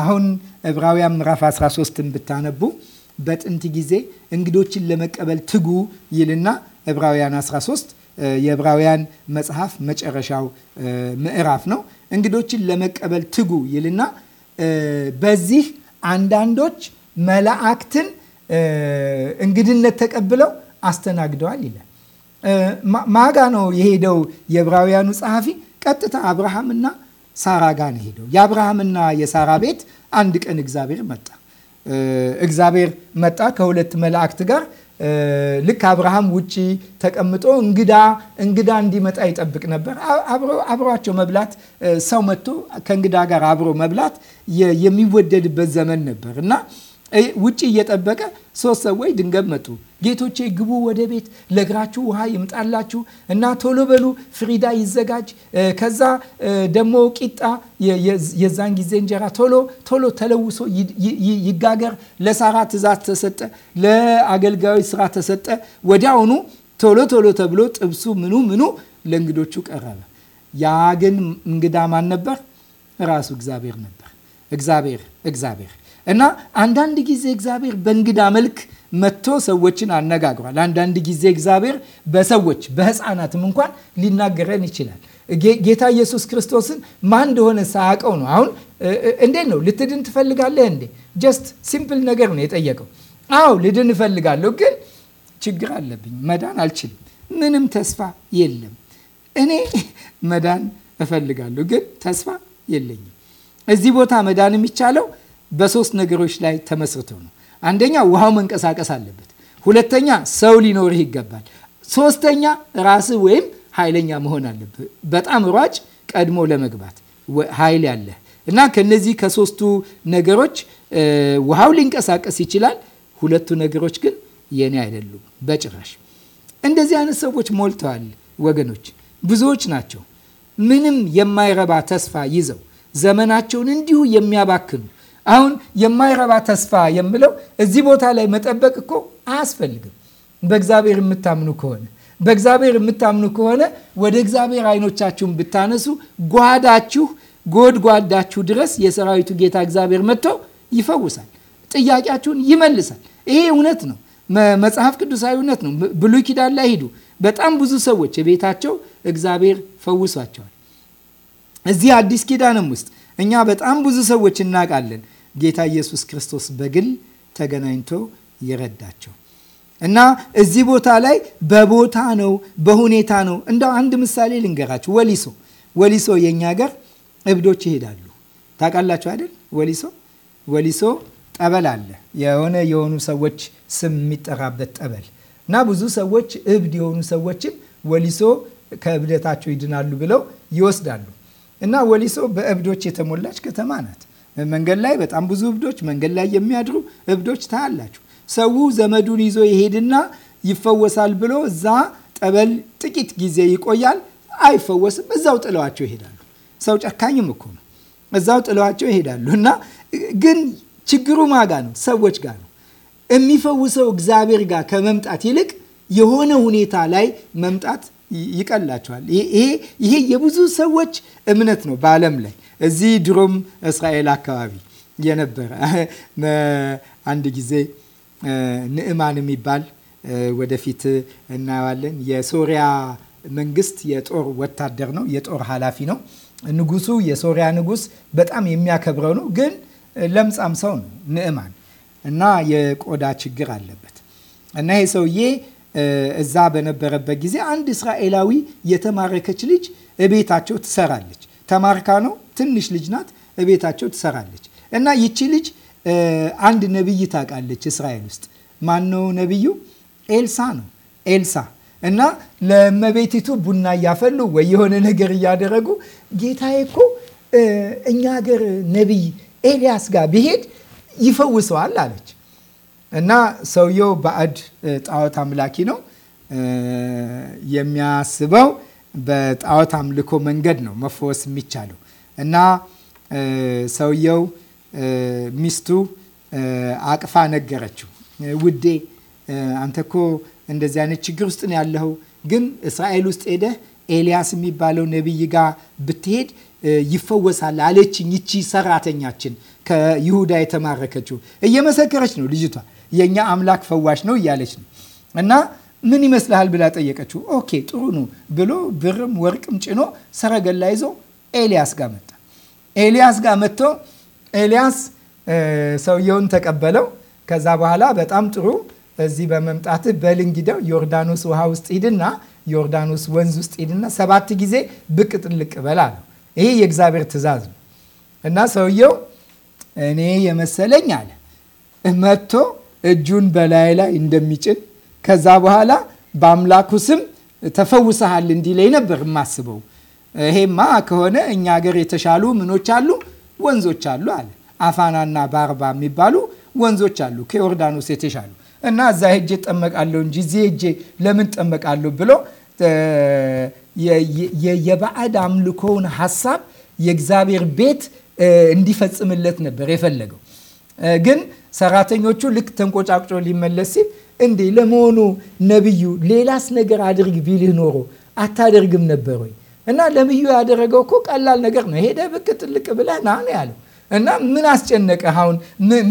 አሁን ዕብራውያን ምዕራፍ 13ን ብታነቡ በጥንት ጊዜ እንግዶችን ለመቀበል ትጉ ይልና ዕብራውያን 13 የዕብራውያን መጽሐፍ መጨረሻው ምዕራፍ ነው። እንግዶችን ለመቀበል ትጉ ይልና በዚህ አንዳንዶች መላእክትን እንግድነት ተቀብለው አስተናግደዋል ይላል። ማጋ ነው የሄደው የዕብራውያኑ ጸሐፊ ቀጥታ አብርሃምና ሳራ ጋር ነው ሄደው። የአብርሃምና የሳራ ቤት አንድ ቀን እግዚአብሔር መጣ። እግዚአብሔር መጣ ከሁለት መላእክት ጋር። ልክ አብርሃም ውጪ ተቀምጦ እንግዳ እንግዳ እንዲመጣ ይጠብቅ ነበር። አብሯቸው መብላት ሰው መጥቶ ከእንግዳ ጋር አብሮ መብላት የሚወደድበት ዘመን ነበር እና ውጭ እየጠበቀ ሶስት ሰዎች ድንገት መጡ። ጌቶቼ ግቡ ወደ ቤት፣ ለእግራችሁ ውሃ ይምጣላችሁ እና ቶሎ በሉ፣ ፍሪዳ ይዘጋጅ፣ ከዛ ደግሞ ቂጣ፣ የዛን ጊዜ እንጀራ ቶሎ ቶሎ ተለውሶ ይጋገር። ለሳራ ትእዛዝ ተሰጠ፣ ለአገልጋዮች ስራ ተሰጠ። ወዲያውኑ ቶሎ ቶሎ ተብሎ ጥብሱ ምኑ ምኑ ለእንግዶቹ ቀረበ። ያ ግን እንግዳ ማን ነበር? ራሱ እግዚአብሔር ነበር። እግዚአብሔር እግዚአብሔር እና አንዳንድ ጊዜ እግዚአብሔር በእንግዳ መልክ መጥቶ ሰዎችን አነጋግሯል። አንዳንድ ጊዜ እግዚአብሔር በሰዎች በህፃናትም እንኳን ሊናገረን ይችላል። ጌታ ኢየሱስ ክርስቶስን ማን እንደሆነ ሳያውቀው ነው። አሁን እንዴት ነው ልትድን ትፈልጋለህ እንዴ? ጀስት ሲምፕል ነገር ነው የጠየቀው። አዎ ልድን እፈልጋለሁ፣ ግን ችግር አለብኝ፣ መዳን አልችልም፣ ምንም ተስፋ የለም። እኔ መዳን እፈልጋለሁ፣ ግን ተስፋ የለኝም። እዚህ ቦታ መዳን የሚቻለው በሶስት ነገሮች ላይ ተመስርተው ነው። አንደኛ ውሃው መንቀሳቀስ አለበት። ሁለተኛ ሰው ሊኖርህ ይገባል። ሶስተኛ ራስህ ወይም ኃይለኛ መሆን አለብህ። በጣም ሯጭ ቀድሞ ለመግባት ኃይል ያለህ እና ከነዚህ ከሶስቱ ነገሮች ውሃው ሊንቀሳቀስ ይችላል። ሁለቱ ነገሮች ግን የኔ አይደሉም በጭራሽ። እንደዚህ አይነት ሰዎች ሞልተዋል ወገኖች፣ ብዙዎች ናቸው። ምንም የማይረባ ተስፋ ይዘው ዘመናቸውን እንዲሁ የሚያባክኑ አሁን የማይረባ ተስፋ የምለው እዚህ ቦታ ላይ መጠበቅ እኮ አያስፈልግም። በእግዚአብሔር የምታምኑ ከሆነ በእግዚአብሔር የምታምኑ ከሆነ ወደ እግዚአብሔር አይኖቻችሁን ብታነሱ ጓዳችሁ ጎድጓዳችሁ ድረስ የሰራዊቱ ጌታ እግዚአብሔር መጥቶ ይፈውሳል፣ ጥያቄያችሁን ይመልሳል። ይሄ እውነት ነው፣ መጽሐፍ ቅዱሳዊ እውነት ነው። ብሉይ ኪዳን ላይ ሂዱ። በጣም ብዙ ሰዎች የቤታቸው እግዚአብሔር ፈውሷቸዋል። እዚህ አዲስ ኪዳንም ውስጥ እኛ በጣም ብዙ ሰዎች እናውቃለን ጌታ ኢየሱስ ክርስቶስ በግል ተገናኝቶ የረዳቸው እና እዚህ ቦታ ላይ በቦታ ነው፣ በሁኔታ ነው። እንደው አንድ ምሳሌ ልንገራችሁ። ወሊሶ ወሊሶ የኛ ሀገር እብዶች ይሄዳሉ። ታውቃላችሁ አይደል? ወሊሶ ወሊሶ ጠበል አለ። የሆነ የሆኑ ሰዎች ስም የሚጠራበት ጠበል እና ብዙ ሰዎች እብድ የሆኑ ሰዎችን ወሊሶ ከእብደታቸው ይድናሉ ብለው ይወስዳሉ። እና ወሊሶ በእብዶች የተሞላች ከተማ ናት። መንገድ ላይ በጣም ብዙ እብዶች፣ መንገድ ላይ የሚያድሩ እብዶች ታያላችሁ። ሰው ዘመዱን ይዞ ይሄድና ይፈወሳል ብሎ እዛ ጠበል ጥቂት ጊዜ ይቆያል፣ አይፈወስም። እዛው ጥለዋቸው ይሄዳሉ። ሰው ጨካኝም እኮ ነው። እዛው ጥለዋቸው ይሄዳሉ እና ግን ችግሩ ማጋ ነው? ሰዎች ጋር ነው። የሚፈውሰው እግዚአብሔር ጋር ከመምጣት ይልቅ የሆነ ሁኔታ ላይ መምጣት ይቀላቸዋል። ይሄ የብዙ ሰዎች እምነት ነው በዓለም ላይ እዚህ ድሮም እስራኤል አካባቢ የነበረ አንድ ጊዜ ንዕማን የሚባል ወደፊት እናየዋለን። የሶሪያ መንግስት የጦር ወታደር ነው፣ የጦር ኃላፊ ነው። ንጉሱ የሶሪያ ንጉስ በጣም የሚያከብረው ነው፣ ግን ለምጻም ሰው ነው ንዕማን እና የቆዳ ችግር አለበት እና ይሄ ሰውዬ እዛ በነበረበት ጊዜ አንድ እስራኤላዊ የተማረከች ልጅ እቤታቸው ትሰራለች። ተማርካ ነው ትንሽ ልጅ ናት። እቤታቸው ትሰራለች እና ይቺ ልጅ አንድ ነቢይ ታውቃለች እስራኤል ውስጥ። ማነው ነቢዩ? ኤልሳ ነው። ኤልሳ እና ለመቤቲቱ ቡና እያፈሉ ወይ የሆነ ነገር እያደረጉ ጌታዬ እኮ እኛ ሀገር ነቢይ ኤልያስ ጋር ቢሄድ ይፈውሰዋል አለች እና ሰውየው ባዕድ ጣዖት አምላኪ ነው። የሚያስበው በጣዖት አምልኮ መንገድ ነው መፈወስ የሚቻለው እና ሰውየው ሚስቱ አቅፋ ነገረችው። ውዴ አንተ እንደዚህ አይነት ችግር ውስጥ ነው ያለኸው፣ ግን እስራኤል ውስጥ ሄደህ ኤልያስ የሚባለው ነቢይ ጋር ብትሄድ ይፈወሳል አለችኝ። ይቺ ሰራተኛችን ከይሁዳ የተማረከችው እየመሰከረች ነው ልጅቷ። የእኛ አምላክ ፈዋሽ ነው እያለች ነው እና ምን ይመስልሃል ብላ ጠየቀችው። ኦኬ ጥሩ ነው ብሎ ብርም ወርቅም ጭኖ ሰረገላ ይዞ ኤልያስ ጋር መጣ። ኤልያስ ጋር መጥቶ ኤልያስ ሰውየውን ተቀበለው። ከዛ በኋላ በጣም ጥሩ እዚህ በመምጣትህ በል እንግዲህ ዮርዳኖስ ውሃ ውስጥ ሂድና ዮርዳኖስ ወንዝ ውስጥ ሂድና ሰባት ጊዜ ብቅ ጥልቅ በል አለው። ይሄ የእግዚአብሔር ትእዛዝ ነው እና ሰውየው እኔ የመሰለኝ አለ መጥቶ እጁን በላይ ላይ እንደሚጭን ከዛ በኋላ በአምላኩ ስም ተፈውሰሃል እንዲለኝ ነበር የማስበው ይሄማ ከሆነ እኛ ሀገር የተሻሉ ምኖች አሉ፣ ወንዞች አሉ አለ። አፋናና ባርባ የሚባሉ ወንዞች አሉ ከዮርዳኖስ የተሻሉ እና እዛ ሄጄ ጠመቃለሁ እንጂ እዚህ ሄጄ ለምን ጠመቃለሁ ብሎ የባዕድ አምልኮውን ሀሳብ የእግዚአብሔር ቤት እንዲፈጽምለት ነበር የፈለገው። ግን ሰራተኞቹ ልክ ተንቆጫቁጮ ሊመለስ ሲል እንዴ ለመሆኑ ነቢዩ ሌላስ ነገር አድርግ ቢልህ ኖሮ አታደርግም ነበር ወይ? እና ለምዩ ያደረገው እኮ ቀላል ነገር ነው። ሄደ ብቅ ጥልቅ ብለህ ና ነው ያለው። እና ምን አስጨነቀህ አሁን?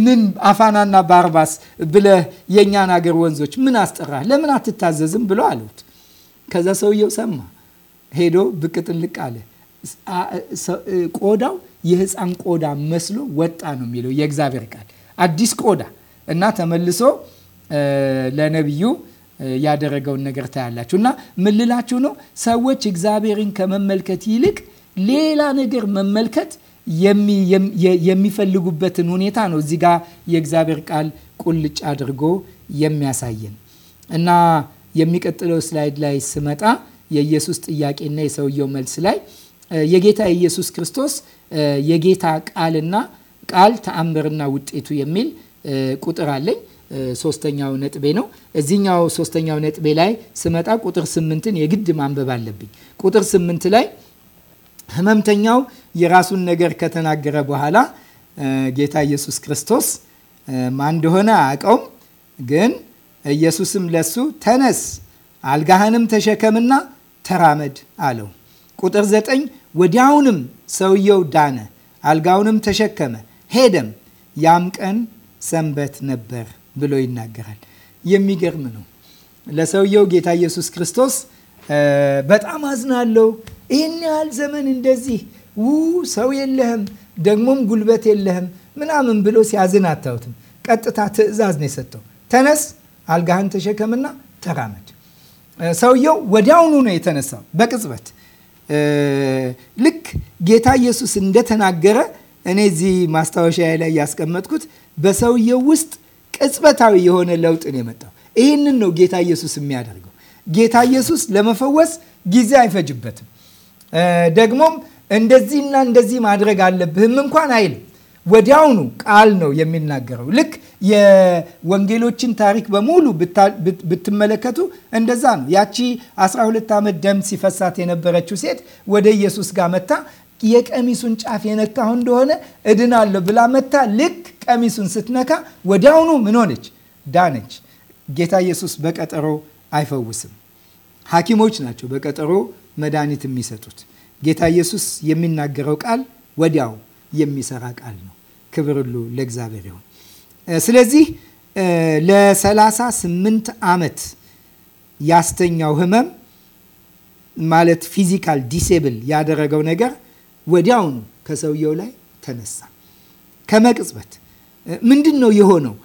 ምን አፋናና ባርባስ ብለህ የእኛን አገር ወንዞች ምን አስጠራህ? ለምን አትታዘዝም ብሎ አሉት። ከዛ ሰውየው ሰማ፣ ሄዶ ብቅ ጥልቅ አለ። ቆዳው የህፃን ቆዳ መስሎ ወጣ ነው የሚለው የእግዚአብሔር ቃል። አዲስ ቆዳ እና ተመልሶ ለነቢዩ ያደረገውን ነገር ታያላችሁ። እና ምልላችሁ ነው ሰዎች እግዚአብሔርን ከመመልከት ይልቅ ሌላ ነገር መመልከት የሚፈልጉበትን ሁኔታ ነው እዚህ ጋር የእግዚአብሔር ቃል ቁልጭ አድርጎ የሚያሳየን እና የሚቀጥለው ስላይድ ላይ ስመጣ የኢየሱስ ጥያቄና የሰውየው መልስ ላይ የጌታ የኢየሱስ ክርስቶስ የጌታ ቃልና ቃል ተአምርና ውጤቱ የሚል ቁጥር አለኝ። ሶስተኛው ነጥቤ ነው። እዚህኛው ሶስተኛው ነጥቤ ላይ ስመጣ ቁጥር ስምንትን የግድ ማንበብ አለብኝ። ቁጥር ስምንት ላይ ህመምተኛው የራሱን ነገር ከተናገረ በኋላ ጌታ ኢየሱስ ክርስቶስ ማን እንደሆነ አያውቀውም። ግን ኢየሱስም ለሱ ተነስ፣ አልጋህንም ተሸከምና ተራመድ አለው። ቁጥር ዘጠኝ ወዲያውንም ሰውየው ዳነ፣ አልጋውንም ተሸከመ ሄደም። ያም ቀን ሰንበት ነበር። ብሎ ይናገራል። የሚገርም ነው። ለሰውየው ጌታ ኢየሱስ ክርስቶስ በጣም አዝናለሁ፣ ይህን ያህል ዘመን እንደዚህ ው ሰው የለህም፣ ደግሞም ጉልበት የለህም ምናምን ብሎ ሲያዝን አታውትም። ቀጥታ ትዕዛዝ ነው የሰጠው። ተነስ፣ አልጋህን ተሸከምና ተራመድ። ሰውየው ወዲያውኑ ነው የተነሳው፣ በቅጽበት ልክ ጌታ ኢየሱስ እንደተናገረ እኔ እዚህ ማስታወሻ ላይ ያስቀመጥኩት በሰውየው ውስጥ ቅጽበታዊ የሆነ ለውጥ ነው የመጣው። ይህንን ነው ጌታ ኢየሱስ የሚያደርገው። ጌታ ኢየሱስ ለመፈወስ ጊዜ አይፈጅበትም። ደግሞም እንደዚህና እንደዚህ ማድረግ አለብህም እንኳን አይልም። ወዲያውኑ ቃል ነው የሚናገረው። ልክ የወንጌሎችን ታሪክ በሙሉ ብትመለከቱ እንደዛ ነው። ያቺ 12 ዓመት ደም ሲፈሳት የነበረችው ሴት ወደ ኢየሱስ ጋር መታ የቀሚሱን ጫፍ የነካሁ እንደሆነ እድናለሁ ብላ መታ። ልክ ቀሚሱን ስትነካ ወዲያውኑ ምን ሆነች? ዳነች። ጌታ ኢየሱስ በቀጠሮ አይፈውስም። ሐኪሞች ናቸው በቀጠሮ መድኃኒት የሚሰጡት። ጌታ ኢየሱስ የሚናገረው ቃል ወዲያው የሚሰራ ቃል ነው። ክብር ሁሉ ለእግዚአብሔር ይሁን። ስለዚህ ለ38 ዓመት ያስተኛው ህመም ማለት ፊዚካል ዲሴብል ያደረገው ነገር ወዲያውኑ ከሰውየው ላይ ተነሳ። ከመቅጽበት ምንድን ነው የሆነው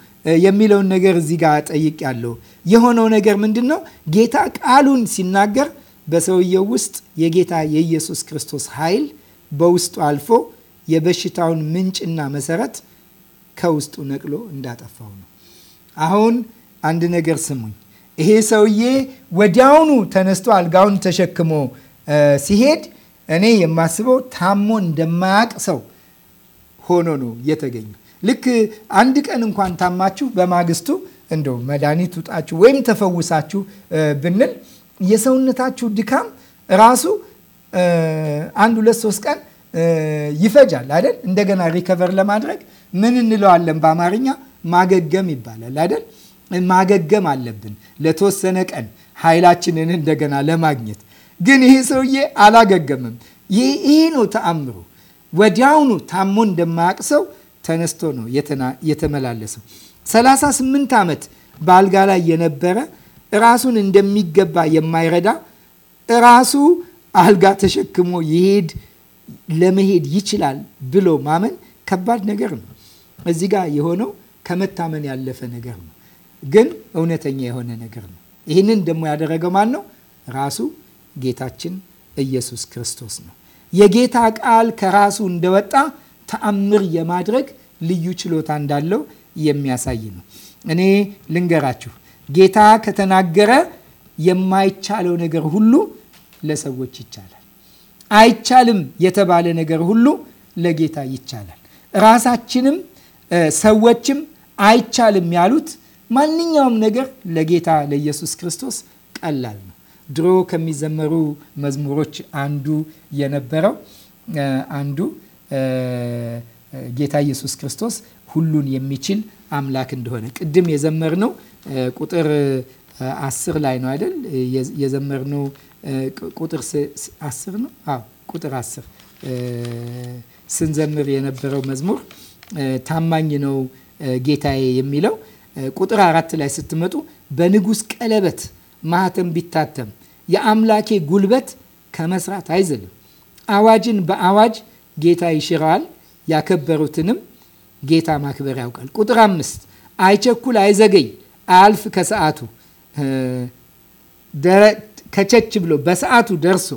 የሚለውን ነገር እዚህ ጋር ጠይቅ ያለው የሆነው ነገር ምንድን ነው? ጌታ ቃሉን ሲናገር በሰውየው ውስጥ የጌታ የኢየሱስ ክርስቶስ ኃይል በውስጡ አልፎ የበሽታውን ምንጭና መሰረት ከውስጡ ነቅሎ እንዳጠፋው ነው። አሁን አንድ ነገር ስሙኝ። ይሄ ሰውዬ ወዲያውኑ ተነስቶ አልጋውን ተሸክሞ ሲሄድ እኔ የማስበው ታሞ እንደማያቅ ሰው ሆኖ ነው የተገኘ። ልክ አንድ ቀን እንኳን ታማችሁ በማግስቱ እንደው መድኃኒት ውጣችሁ ወይም ተፈውሳችሁ ብንል የሰውነታችሁ ድካም ራሱ አንድ ሁለት ሶስት ቀን ይፈጃል አይደል? እንደገና ሪከቨር ለማድረግ ምን እንለዋለን በአማርኛ ማገገም ይባላል አይደል? ማገገም አለብን ለተወሰነ ቀን ኃይላችንን እንደገና ለማግኘት ግን ይህ ሰውዬ አላገገምም። ይሄ ነው ተአምሩ። ወዲያውኑ ታሞ እንደማያውቅ ሰው ተነስቶ ነው የተመላለሰው። 38 ዓመት በአልጋ ላይ የነበረ ራሱን እንደሚገባ የማይረዳ ራሱ አልጋ ተሸክሞ ይሄድ ለመሄድ ይችላል ብሎ ማመን ከባድ ነገር ነው። እዚህ ጋር የሆነው ከመታመን ያለፈ ነገር ነው፣ ግን እውነተኛ የሆነ ነገር ነው። ይህንን ደግሞ ያደረገው ማን ነው? ራሱ ጌታችን ኢየሱስ ክርስቶስ ነው። የጌታ ቃል ከራሱ እንደወጣ ተአምር የማድረግ ልዩ ችሎታ እንዳለው የሚያሳይ ነው። እኔ ልንገራችሁ፣ ጌታ ከተናገረ የማይቻለው ነገር ሁሉ ለሰዎች ይቻላል። አይቻልም የተባለ ነገር ሁሉ ለጌታ ይቻላል። ራሳችንም ሰዎችም አይቻልም ያሉት ማንኛውም ነገር ለጌታ ለኢየሱስ ክርስቶስ ቀላል ነው። ድሮ ከሚዘመሩ መዝሙሮች አንዱ የነበረው አንዱ ጌታ ኢየሱስ ክርስቶስ ሁሉን የሚችል አምላክ እንደሆነ ቅድም የዘመርነው ቁጥር አስር ላይ ነው አይደል? የዘመርነው ቁጥር አስር ነው። አዎ ቁጥር አስር ስንዘምር የነበረው መዝሙር ታማኝ ነው ጌታዬ የሚለው ቁጥር አራት ላይ ስትመጡ በንጉስ ቀለበት ማህተም ቢታተም የአምላኬ ጉልበት ከመስራት አይዝልም። አዋጅን በአዋጅ ጌታ ይሽረዋል፣ ያከበሩትንም ጌታ ማክበር ያውቃል። ቁጥር አምስት አይቸኩል፣ አይዘገይ፣ አያልፍ ከሰዓቱ ከቸች ብሎ በሰዓቱ ደርሶ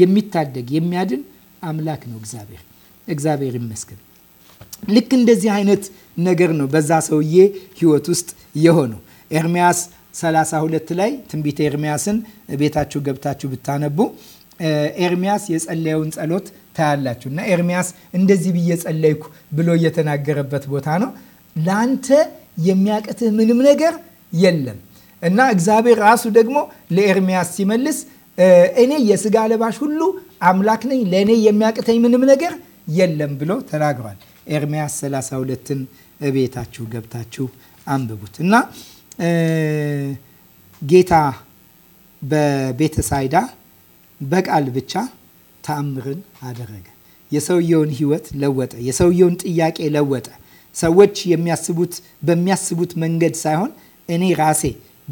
የሚታደግ የሚያድን አምላክ ነው እግዚአብሔር። እግዚአብሔር ይመስገን። ልክ እንደዚህ አይነት ነገር ነው በዛ ሰውዬ ህይወት ውስጥ የሆነው ኤርሚያስ 32 ላይ ትንቢተ ኤርሚያስን ቤታችሁ ገብታችሁ ብታነቡ ኤርሚያስ የጸለየውን ጸሎት ታያላችሁ እና ኤርሚያስ እንደዚህ ብዬ ጸለይኩ ብሎ የተናገረበት ቦታ ነው። ለአንተ የሚያቅትህ ምንም ነገር የለም እና እግዚአብሔር ራሱ ደግሞ ለኤርሚያስ ሲመልስ እኔ የስጋ ለባሽ ሁሉ አምላክ ነኝ፣ ለእኔ የሚያቅተኝ ምንም ነገር የለም ብሎ ተናግሯል። ኤርሚያስ 32ን ቤታችሁ ገብታችሁ አንብቡት እና ጌታ በቤተሳይዳ በቃል ብቻ ተአምርን አደረገ። የሰውየውን ህይወት ለወጠ። የሰውየውን ጥያቄ ለወጠ። ሰዎች የሚያስቡት በሚያስቡት መንገድ ሳይሆን እኔ ራሴ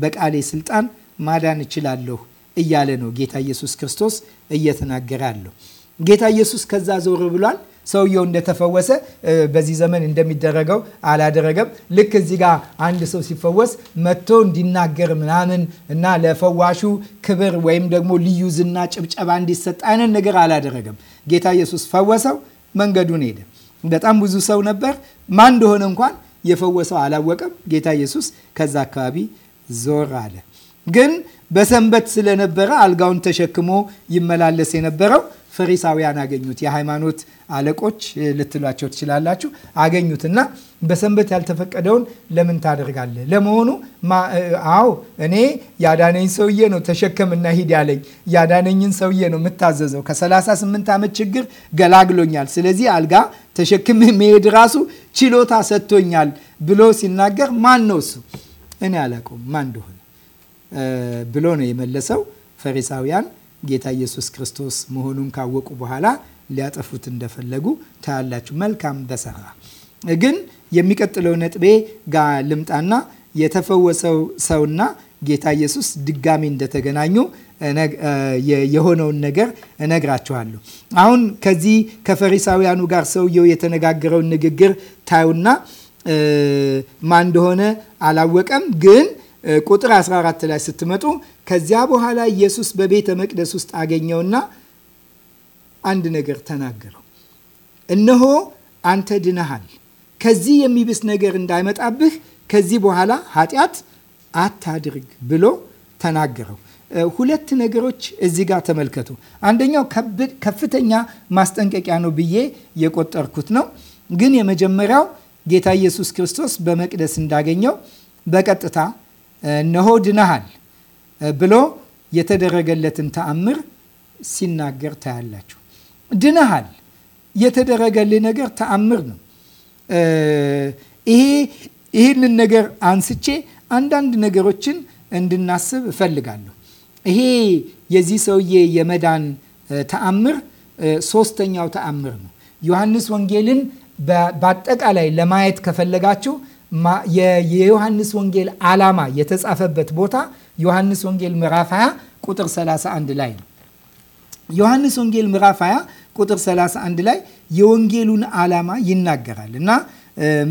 በቃሌ ስልጣን ማዳን እችላለሁ እያለ ነው ጌታ ኢየሱስ ክርስቶስ እየተናገረ ያለው። ጌታ ኢየሱስ ከዛ ዞር ብሏል። ሰውየው እንደተፈወሰ በዚህ ዘመን እንደሚደረገው አላደረገም። ልክ እዚህ ጋር አንድ ሰው ሲፈወስ መጥቶ እንዲናገር ምናምን እና ለፈዋሹ ክብር ወይም ደግሞ ልዩ ዝና፣ ጭብጨባ እንዲሰጥ አይነት ነገር አላደረገም። ጌታ ኢየሱስ ፈወሰው፣ መንገዱን ሄደ። በጣም ብዙ ሰው ነበር። ማን እንደሆነ እንኳን የፈወሰው አላወቀም። ጌታ ኢየሱስ ከዛ አካባቢ ዞር አለ። ግን በሰንበት ስለነበረ አልጋውን ተሸክሞ ይመላለስ የነበረው ፈሪሳውያን አገኙት። የሃይማኖት አለቆች ልትሏቸው ትችላላችሁ። አገኙትና በሰንበት ያልተፈቀደውን ለምን ታደርጋለህ? ለመሆኑ አዎ እኔ ያዳነኝ ሰውዬ ነው ተሸከምና ሂድ ያለኝ ያዳነኝን ሰውዬ ነው የምታዘዘው። ከ38 ዓመት ችግር ገላግሎኛል። ስለዚህ አልጋ ተሸክም መሄድ ራሱ ችሎታ ሰጥቶኛል ብሎ ሲናገር ማን ነው እሱ? እኔ አላውቀውም ማን እንደሆነ ብሎ ነው የመለሰው። ፈሪሳውያን ጌታ ኢየሱስ ክርስቶስ መሆኑን ካወቁ በኋላ ሊያጠፉት እንደፈለጉ ታያላችሁ። መልካም በሰራ ግን የሚቀጥለው ነጥቤ ጋር ልምጣና የተፈወሰው ሰውና ጌታ ኢየሱስ ድጋሚ እንደተገናኙ የሆነውን ነገር እነግራችኋለሁ። አሁን ከዚህ ከፈሪሳውያኑ ጋር ሰውየው የተነጋገረውን ንግግር ታዩና ማን እንደሆነ አላወቀም ግን ቁጥር 14 ላይ ስትመጡ ከዚያ በኋላ ኢየሱስ በቤተ መቅደስ ውስጥ አገኘውና አንድ ነገር ተናገረው። እነሆ አንተ ድነሃል፣ ከዚህ የሚብስ ነገር እንዳይመጣብህ ከዚህ በኋላ ኃጢአት አታድርግ ብሎ ተናገረው። ሁለት ነገሮች እዚህ ጋር ተመልከቱ። አንደኛው ከፍተኛ ማስጠንቀቂያ ነው ብዬ የቆጠርኩት ነው። ግን የመጀመሪያው ጌታ ኢየሱስ ክርስቶስ በመቅደስ እንዳገኘው በቀጥታ እነሆ ድናሃል ብሎ የተደረገለትን ተአምር ሲናገር ታያላችሁ። ድናሃል የተደረገልህ ነገር ተአምር ነው። ይሄ ይህንን ነገር አንስቼ አንዳንድ ነገሮችን እንድናስብ እፈልጋለሁ። ይሄ የዚህ ሰውዬ የመዳን ተአምር ሶስተኛው ተአምር ነው። ዮሐንስ ወንጌልን በአጠቃላይ ለማየት ከፈለጋችሁ የዮሐንስ ወንጌል ዓላማ የተጻፈበት ቦታ ዮሐንስ ወንጌል ምዕራፍ 20 ቁጥር 31 ላይ ነው። ዮሐንስ ወንጌል ምዕራፍ 20 ቁጥር 31 ላይ የወንጌሉን ዓላማ ይናገራል እና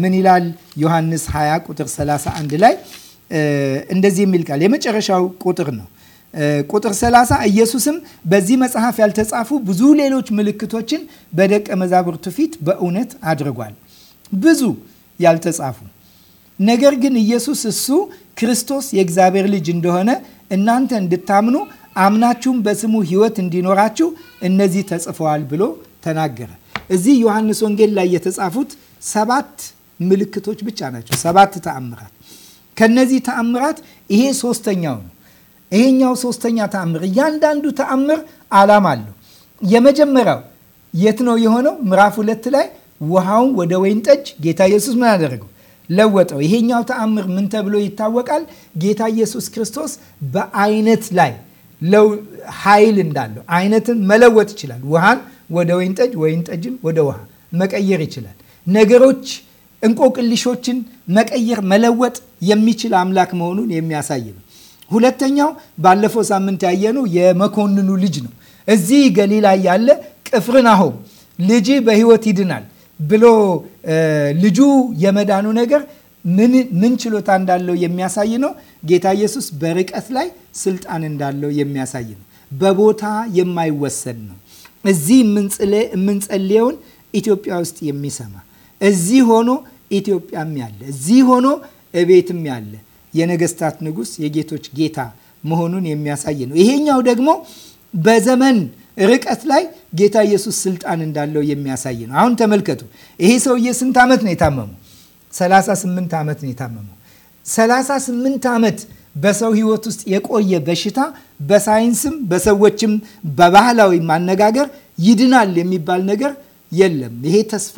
ምን ይላል? ዮሐንስ 20 ቁጥር 31 ላይ እንደዚህ የሚል ቃል የመጨረሻው ቁጥር ነው። ቁጥር 30 ኢየሱስም በዚህ መጽሐፍ ያልተጻፉ ብዙ ሌሎች ምልክቶችን በደቀ መዛብርቱ ፊት በእውነት አድርጓል። ብዙ ያልተጻፉ ነገር ግን ኢየሱስ እሱ ክርስቶስ የእግዚአብሔር ልጅ እንደሆነ እናንተ እንድታምኑ አምናችሁም በስሙ ሕይወት እንዲኖራችሁ እነዚህ ተጽፈዋል ብሎ ተናገረ። እዚህ ዮሐንስ ወንጌል ላይ የተጻፉት ሰባት ምልክቶች ብቻ ናቸው። ሰባት ተአምራት። ከነዚህ ተአምራት ይሄ ሶስተኛው ነው። ይሄኛው ሶስተኛ ተአምር። እያንዳንዱ ተአምር አላማ አለው። የመጀመሪያው የት ነው የሆነው? ምዕራፍ ሁለት ላይ ውሃውን ወደ ወይን ጠጅ ጌታ ኢየሱስ ምን አደረገው? ለወጠው። ይሄኛው ተአምር ምን ተብሎ ይታወቃል? ጌታ ኢየሱስ ክርስቶስ በአይነት ላይ ኃይል እንዳለው አይነትን መለወጥ ይችላል። ውሃን ወደ ወይን ጠጅ፣ ወይን ጠጅን ወደ ውሃ መቀየር ይችላል። ነገሮች እንቆቅልሾችን መቀየር መለወጥ የሚችል አምላክ መሆኑን የሚያሳይ ነው። ሁለተኛው ባለፈው ሳምንት ያየነው የመኮንኑ ልጅ ነው። እዚህ ገሊላ ያለ ቅፍርናሆም ልጅ በሕይወት ይድናል ብሎ ልጁ የመዳኑ ነገር ምን ችሎታ እንዳለው የሚያሳይ ነው። ጌታ ኢየሱስ በርቀት ላይ ስልጣን እንዳለው የሚያሳይ ነው። በቦታ የማይወሰድ ነው። እዚህ የምንጸልየውን ኢትዮጵያ ውስጥ የሚሰማ እዚህ ሆኖ ኢትዮጵያም ያለ እዚህ ሆኖ እቤትም ያለ የነገስታት ንጉስ የጌቶች ጌታ መሆኑን የሚያሳይ ነው። ይሄኛው ደግሞ በዘመን ርቀት ላይ ጌታ ኢየሱስ ስልጣን እንዳለው የሚያሳይ ነው። አሁን ተመልከቱ። ይሄ ሰውዬ ስንት ዓመት ነው የታመመው? 38 ዓመት ነው የታመመው። 38 ዓመት በሰው ህይወት ውስጥ የቆየ በሽታ በሳይንስም በሰዎችም በባህላዊ ማነጋገር ይድናል የሚባል ነገር የለም። ይሄ ተስፋ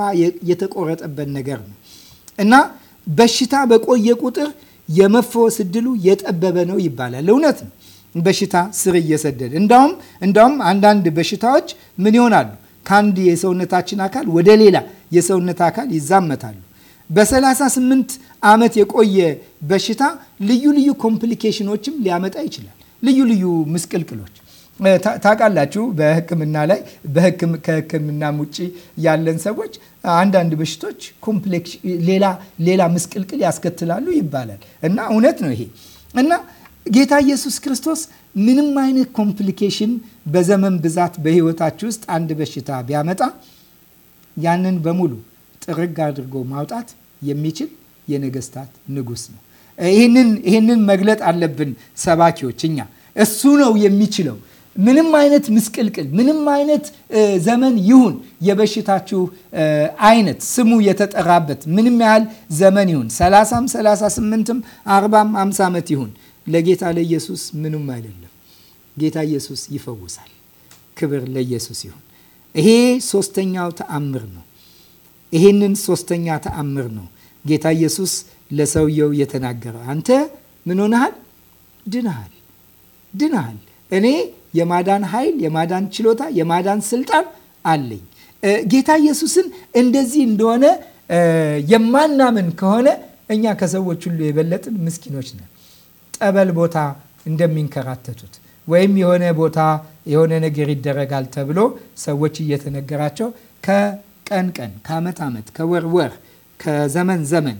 የተቆረጠበት ነገር ነው እና በሽታ በቆየ ቁጥር የመፈወስ እድሉ የጠበበ ነው ይባላል። እውነት ነው። በሽታ ስር እየሰደደ እንዳውም እንዳውም አንዳንድ በሽታዎች ምን ይሆናሉ? ከአንድ የሰውነታችን አካል ወደ ሌላ የሰውነት አካል ይዛመታሉ። በ38 ዓመት የቆየ በሽታ ልዩ ልዩ ኮምፕሊኬሽኖችም ሊያመጣ ይችላል። ልዩ ልዩ ምስቅልቅሎች ታውቃላችሁ። በሕክምና ላይ ከሕክምናም ውጭ ያለን ሰዎች አንዳንድ በሽቶች ኮምፕሌክስ ሌላ ሌላ ምስቅልቅል ያስከትላሉ ይባላል እና እውነት ነው ይሄ እና ጌታ ኢየሱስ ክርስቶስ ምንም አይነት ኮምፕሊኬሽን በዘመን ብዛት በህይወታችሁ ውስጥ አንድ በሽታ ቢያመጣ ያንን በሙሉ ጥርግ አድርጎ ማውጣት የሚችል የነገስታት ንጉስ ነው። ይህንን መግለጥ አለብን ሰባኪዎች እኛ። እሱ ነው የሚችለው። ምንም አይነት ምስቅልቅል፣ ምንም አይነት ዘመን ይሁን የበሽታችሁ አይነት ስሙ የተጠራበት ምንም ያህል ዘመን ይሁን 30ም 38ም 40ም 50 ዓመት ይሁን ለጌታ ለኢየሱስ ምንም አይደለም። ጌታ ኢየሱስ ይፈውሳል። ክብር ለኢየሱስ ይሁን። ይሄ ሶስተኛው ተአምር ነው። ይሄንን ሶስተኛ ተአምር ነው ጌታ ኢየሱስ ለሰውየው የተናገረው። አንተ ምን ሆነሃል? ድናሃል፣ ድናሃል። እኔ የማዳን ኃይል፣ የማዳን ችሎታ፣ የማዳን ስልጣን አለኝ። ጌታ ኢየሱስን እንደዚህ እንደሆነ የማናምን ከሆነ እኛ ከሰዎች ሁሉ የበለጥን ምስኪኖች ነን። ጸበል ቦታ እንደሚንከራተቱት ወይም የሆነ ቦታ የሆነ ነገር ይደረጋል ተብሎ ሰዎች እየተነገራቸው ከቀን ቀን ከአመት ዓመት ከወር ወር ከዘመን ዘመን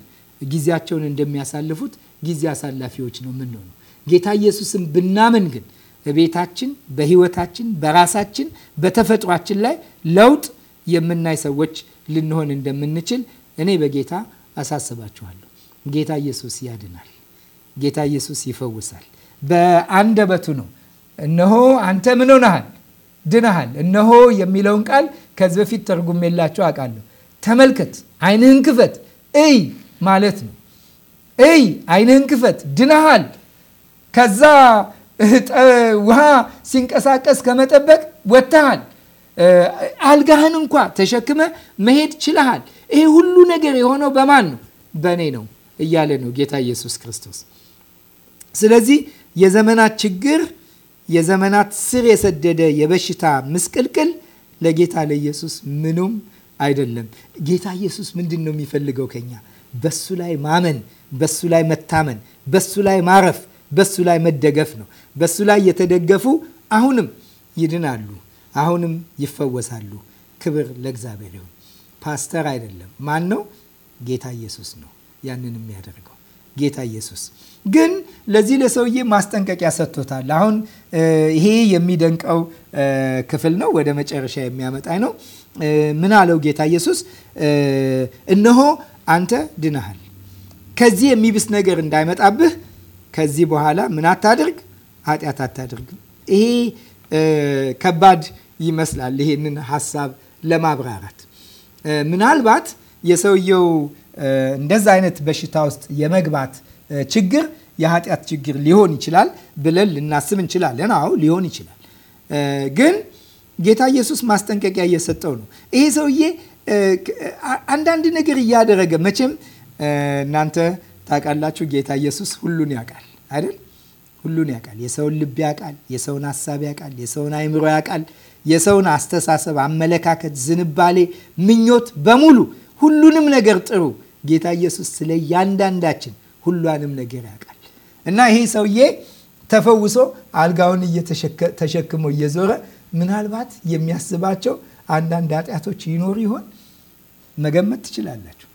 ጊዜያቸውን እንደሚያሳልፉት ጊዜ አሳላፊዎች ነው የምንሆነው። ጌታ ኢየሱስን ብናምን ግን በቤታችን፣ በህይወታችን በራሳችን፣ በተፈጥሯችን ላይ ለውጥ የምናይ ሰዎች ልንሆን እንደምንችል እኔ በጌታ አሳስባችኋለሁ። ጌታ ኢየሱስ ያድናል። ጌታ ኢየሱስ ይፈውሳል። በአንደበቱ ነው። እነሆ አንተ ምን ሆነሃል? ድነሃል። እነሆ የሚለውን ቃል ከዚህ በፊት ተርጉሜላችሁ አውቃለሁ። ተመልከት፣ አይንህን ክፈት፣ እይ ማለት ነው። እይ፣ አይንህን ክፈት፣ ድነሃል። ከዛ ውሃ ሲንቀሳቀስ ከመጠበቅ ወጥተሃል። አልጋህን እንኳ ተሸክመ መሄድ ችለሃል። ይሄ ሁሉ ነገር የሆነው በማን ነው? በእኔ ነው እያለ ነው ጌታ ኢየሱስ ክርስቶስ። ስለዚህ የዘመናት ችግር፣ የዘመናት ስር የሰደደ የበሽታ ምስቅልቅል ለጌታ ለኢየሱስ ምኑም አይደለም። ጌታ ኢየሱስ ምንድን ነው የሚፈልገው ከኛ? በሱ ላይ ማመን፣ በሱ ላይ መታመን፣ በሱ ላይ ማረፍ፣ በሱ ላይ መደገፍ ነው። በሱ ላይ የተደገፉ አሁንም ይድናሉ፣ አሁንም ይፈወሳሉ። ክብር ለእግዚአብሔር ይሁን። ፓስተር አይደለም። ማን ነው? ጌታ ኢየሱስ ነው ያንን የሚያደርገው። ጌታ ኢየሱስ። ግን ለዚህ ለሰውዬ ማስጠንቀቂያ ሰጥቶታል። አሁን ይሄ የሚደንቀው ክፍል ነው፣ ወደ መጨረሻ የሚያመጣኝ ነው። ምን አለው ጌታ ኢየሱስ? እነሆ አንተ ድነሃል፣ ከዚህ የሚብስ ነገር እንዳይመጣብህ ከዚህ በኋላ ምን አታድርግ፣ ኃጢአት አታድርግ። ይሄ ከባድ ይመስላል ይሄንን ሀሳብ ለማብራራት ምናልባት የሰውየው እንደዚ አይነት በሽታ ውስጥ የመግባት ችግር የኃጢአት ችግር ሊሆን ይችላል ብለን ልናስብ እንችላለን። አዎ ሊሆን ይችላል። ግን ጌታ ኢየሱስ ማስጠንቀቂያ እየሰጠው ነው። ይሄ ሰውዬ አንዳንድ ነገር እያደረገ መቼም እናንተ ታውቃላችሁ፣ ጌታ ኢየሱስ ሁሉን ያውቃል አይደል? ሁሉን ያውቃል። የሰውን ልብ ያውቃል። የሰውን ሀሳብ ያውቃል። የሰውን አይምሮ ያውቃል። የሰውን አስተሳሰብ፣ አመለካከት፣ ዝንባሌ፣ ምኞት በሙሉ ሁሉንም ነገር ጥሩ። ጌታ ኢየሱስ ስለ እያንዳንዳችን ሁሏንም ነገር ያውቃል እና ይሄ ሰውዬ ተፈውሶ አልጋውን እየተሸክሞ እየዞረ ምናልባት የሚያስባቸው አንዳንድ ኃጢአቶች ይኖሩ ይሆን መገመት ትችላላችሁ።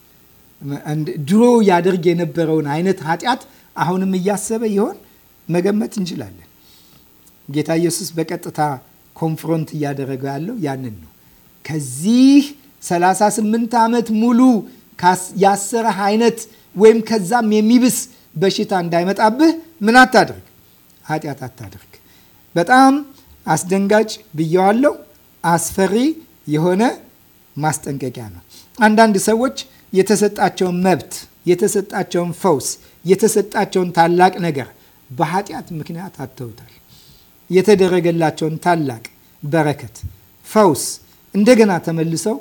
ድሮ ያደርግ የነበረውን አይነት ኃጢአት አሁንም እያሰበ ይሆን መገመት እንችላለን። ጌታ ኢየሱስ በቀጥታ ኮንፍሮንት እያደረገ ያለው ያንን ነው። ከዚህ 38 ዓመት ሙሉ ያሰረ አይነት ወይም ከዛም የሚብስ በሽታ እንዳይመጣብህ ምን አታድርግ፣ ኃጢአት አታድርግ። በጣም አስደንጋጭ ብየዋለው፣ አስፈሪ የሆነ ማስጠንቀቂያ ነው። አንዳንድ ሰዎች የተሰጣቸውን መብት፣ የተሰጣቸውን ፈውስ፣ የተሰጣቸውን ታላቅ ነገር በኃጢአት ምክንያት አተውታል። የተደረገላቸውን ታላቅ በረከት፣ ፈውስ እንደገና ተመልሰው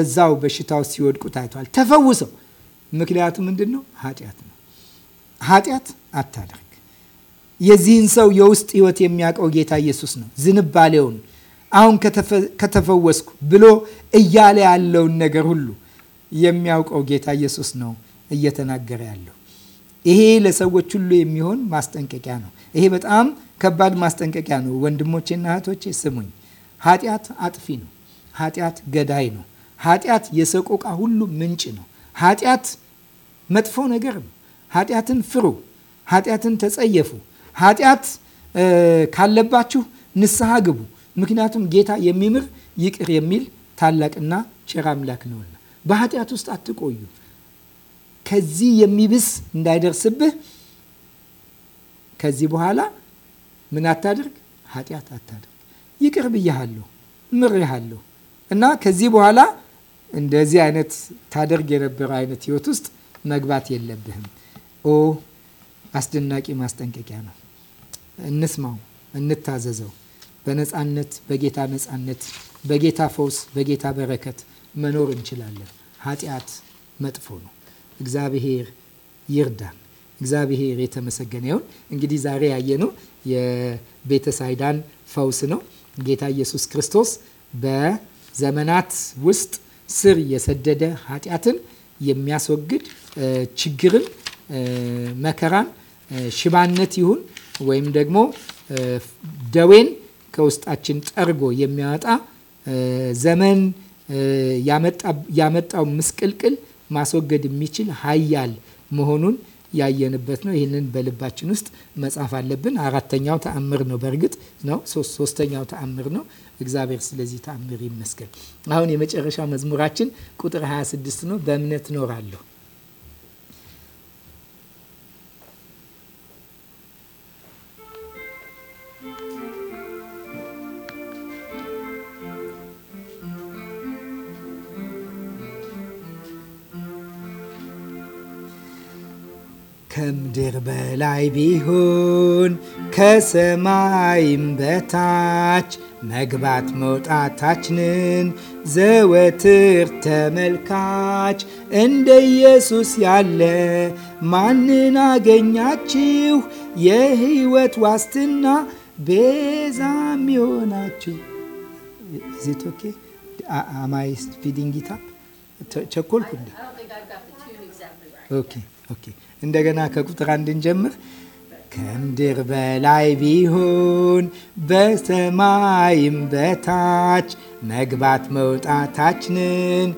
እዛው በሽታው ሲወድቁ ታይቷል። ተፈውሰው ምክንያቱ ምንድን ነው? ኃጢአት ነው። ኃጢአት አታደርግ። የዚህን ሰው የውስጥ ህይወት የሚያውቀው ጌታ ኢየሱስ ነው። ዝንባሌውን አሁን ከተፈወስኩ ብሎ እያለ ያለውን ነገር ሁሉ የሚያውቀው ጌታ ኢየሱስ ነው እየተናገረ ያለው። ይሄ ለሰዎች ሁሉ የሚሆን ማስጠንቀቂያ ነው። ይሄ በጣም ከባድ ማስጠንቀቂያ ነው። ወንድሞቼና እህቶቼ ስሙኝ። ኃጢአት አጥፊ ነው። ኃጢአት ገዳይ ነው። ኃጢአት የሰቆቃ ሁሉ ምንጭ ነው። ኃጢአት መጥፎ ነገር ነው። ኃጢአትን ፍሩ፣ ኃጢአትን ተጸየፉ። ኃጢአት ካለባችሁ ንስሐ ግቡ፣ ምክንያቱም ጌታ የሚምር ይቅር የሚል ታላቅና ቸር አምላክ ነውና። በኃጢአት ውስጥ አትቆዩ። ከዚህ የሚብስ እንዳይደርስብህ ከዚህ በኋላ ምን አታድርግ? ኃጢአት አታድርግ። ይቅር ብያሃለሁ፣ ምሬሃለሁ እና ከዚህ በኋላ እንደዚህ አይነት ታደርግ የነበረው አይነት ህይወት ውስጥ መግባት የለብህም። ኦ አስደናቂ ማስጠንቀቂያ ነው። እንስማው፣ እንታዘዘው። በነፃነት በጌታ ነፃነት፣ በጌታ ፈውስ፣ በጌታ በረከት መኖር እንችላለን። ኃጢአት መጥፎ ነው። እግዚአብሔር ይርዳን። እግዚአብሔር የተመሰገነ ይሁን። እንግዲህ ዛሬ ያየነው የቤተሳይዳን ፈውስ ነው። ጌታ ኢየሱስ ክርስቶስ በዘመናት ውስጥ ስር የሰደደ ኃጢአትን የሚያስወግድ ችግርን፣ መከራን፣ ሽባነት ይሁን ወይም ደግሞ ደዌን ከውስጣችን ጠርጎ የሚያወጣ ዘመን ያመጣው ምስቅልቅል ማስወገድ የሚችል ኃያል መሆኑን ያየንበት ነው። ይህንን በልባችን ውስጥ መጻፍ አለብን። አራተኛው ተአምር ነው። በእርግጥ ነው ሶስተኛው ተአምር ነው። እግዚአብሔር ስለዚህ ተአምር ይመስገን። አሁን የመጨረሻ መዝሙራችን ቁጥር 26 ነው። በእምነት እኖራለሁ ከምድር በላይ ቢሆን ከሰማይም በታች መግባት መውጣታችንን ዘወትር ተመልካች እንደ ኢየሱስ ያለ ማንን አገኛችሁ? የሕይወት ዋስትና ቤዛም ይሆናችሁ። ዚት አማይ ፊዲንግ ቸኮልኩ። ኦኬ እንደገና ከቁጥር አንድ እንጀምር። ከምድር በላይ ቢሆን በሰማይም በታች መግባት መውጣታችንን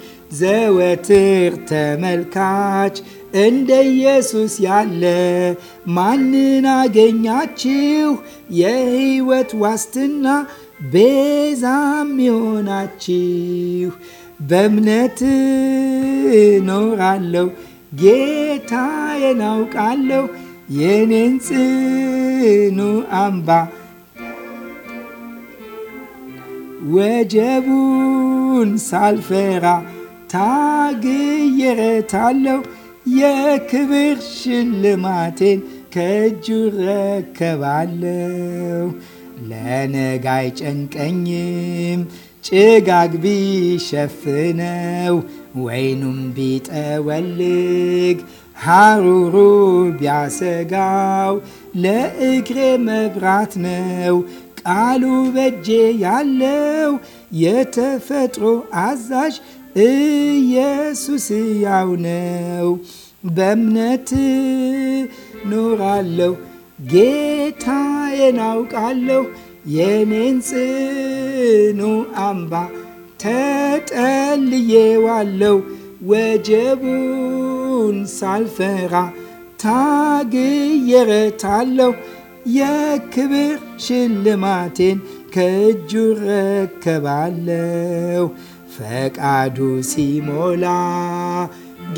ዘወትር ተመልካች እንደ ኢየሱስ ያለ ማንን አገኛችሁ? የህይወት ዋስትና ቤዛም ይሆናችሁ። በእምነት ኖራለሁ ጌታዬን አውቃለሁ የኔን ጽኑ አምባ ወጀቡን ሳልፈራ ታግየረታለሁ የክብር ሽልማቴን ከእጁ ረከባለሁ። ለነጋ አይጨንቀኝም ጭጋግ ቢሸፍነው ወይኑም ቢጠወልግ ሐሩሩ ቢያሰጋው ለእግሬ መብራት ነው ቃሉ በጄ ያለው የተፈጥሮ አዛዥ ኢየሱስ ያው ነው። በእምነት ኖራለሁ ጌታዬን አውቃለሁ የኔን ጽኑ አምባ ተጠልዬዋለው ወጀቡን ሳልፈራ ታግየረታለው የክብር ሽልማቴን ከእጁ ረከባለው ፈቃዱ ሲሞላ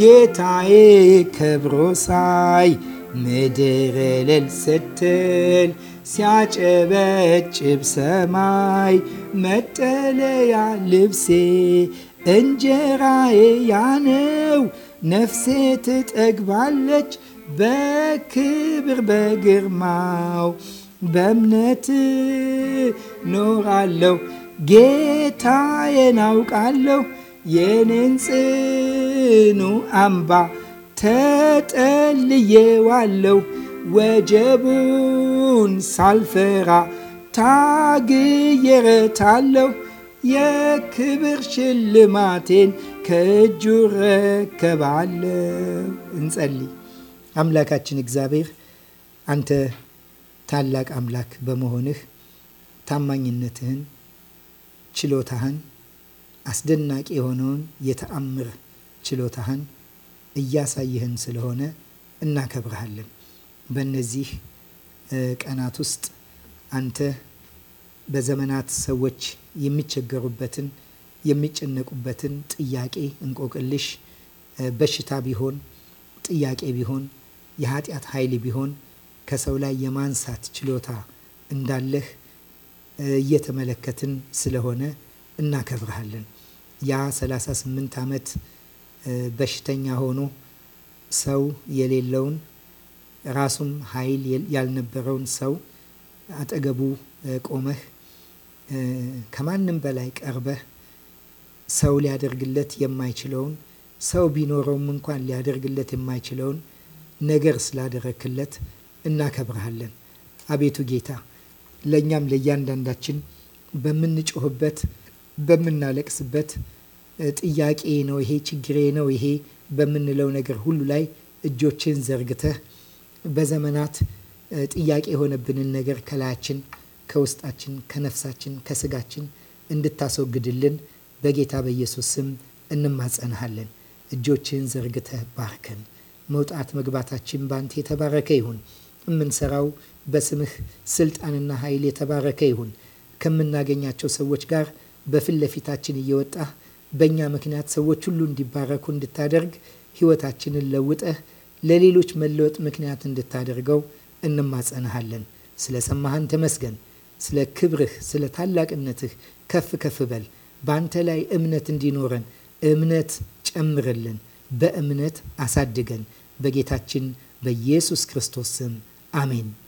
ጌታዬ ከብሮሳይ ምድር እልል ስትል ሲያጨበጭብ ሰማይ መጠለያ ልብሴ እንጀራዬ ያነው ነፍሴ ትጠግባለች በክብር በግርማው በእምነት ኖራለሁ ጌታዬን አውቃለሁ የኔን ጽኑ አምባ ተጠልዬዋለሁ ወጀቡን ሳልፈራ ታግየረታለሁ የክብር ሽልማቴን ከእጁ ረከባለሁ። እንጸልይ። አምላካችን እግዚአብሔር አንተ ታላቅ አምላክ በመሆንህ ታማኝነትህን፣ ችሎታህን፣ አስደናቂ የሆነውን የተአምር ችሎታህን እያሳየህን ስለሆነ እናከብረሃለን። በእነዚህ ቀናት ውስጥ አንተ በዘመናት ሰዎች የሚቸገሩበትን የሚጨነቁበትን ጥያቄ እንቆቅልሽ፣ በሽታ ቢሆን ጥያቄ ቢሆን የኃጢአት ኃይል ቢሆን ከሰው ላይ የማንሳት ችሎታ እንዳለህ እየተመለከትን ስለሆነ እናከብረሃለን። ያ 38 ዓመት በሽተኛ ሆኖ ሰው የሌለውን ራሱም ኃይል ያልነበረውን ሰው አጠገቡ ቆመህ ከማንም በላይ ቀርበህ ሰው ሊያደርግለት የማይችለውን ሰው ቢኖረውም እንኳን ሊያደርግለት የማይችለውን ነገር ስላደረክለት እናከብረሃለን። አቤቱ ጌታ ለእኛም ለእያንዳንዳችን በምንጮህበት፣ በምናለቅስበት ጥያቄ ነው ይሄ ችግሬ ነው ይሄ በምንለው ነገር ሁሉ ላይ እጆችን ዘርግተህ በዘመናት ጥያቄ የሆነብንን ነገር ከላያችን፣ ከውስጣችን፣ ከነፍሳችን፣ ከስጋችን እንድታስወግድልን በጌታ በኢየሱስ ስም እንማጸንሃለን። እጆችን ዘርግተህ ባርከን። መውጣት መግባታችን ባንተ የተባረከ ይሁን። የምንሰራው በስምህ ስልጣንና ኃይል የተባረከ ይሁን። ከምናገኛቸው ሰዎች ጋር በፊት ለፊታችን እየወጣህ በእኛ ምክንያት ሰዎች ሁሉ እንዲባረኩ እንድታደርግ ህይወታችንን ለውጠህ ለሌሎች መለወጥ ምክንያት እንድታደርገው እንማጸንሃለን። ስለ ሰማህን ተመስገን። ስለ ክብርህ፣ ስለ ታላቅነትህ ከፍ ከፍ በል። በአንተ ላይ እምነት እንዲኖረን እምነት ጨምርልን፣ በእምነት አሳድገን። በጌታችን በኢየሱስ ክርስቶስ ስም አሜን።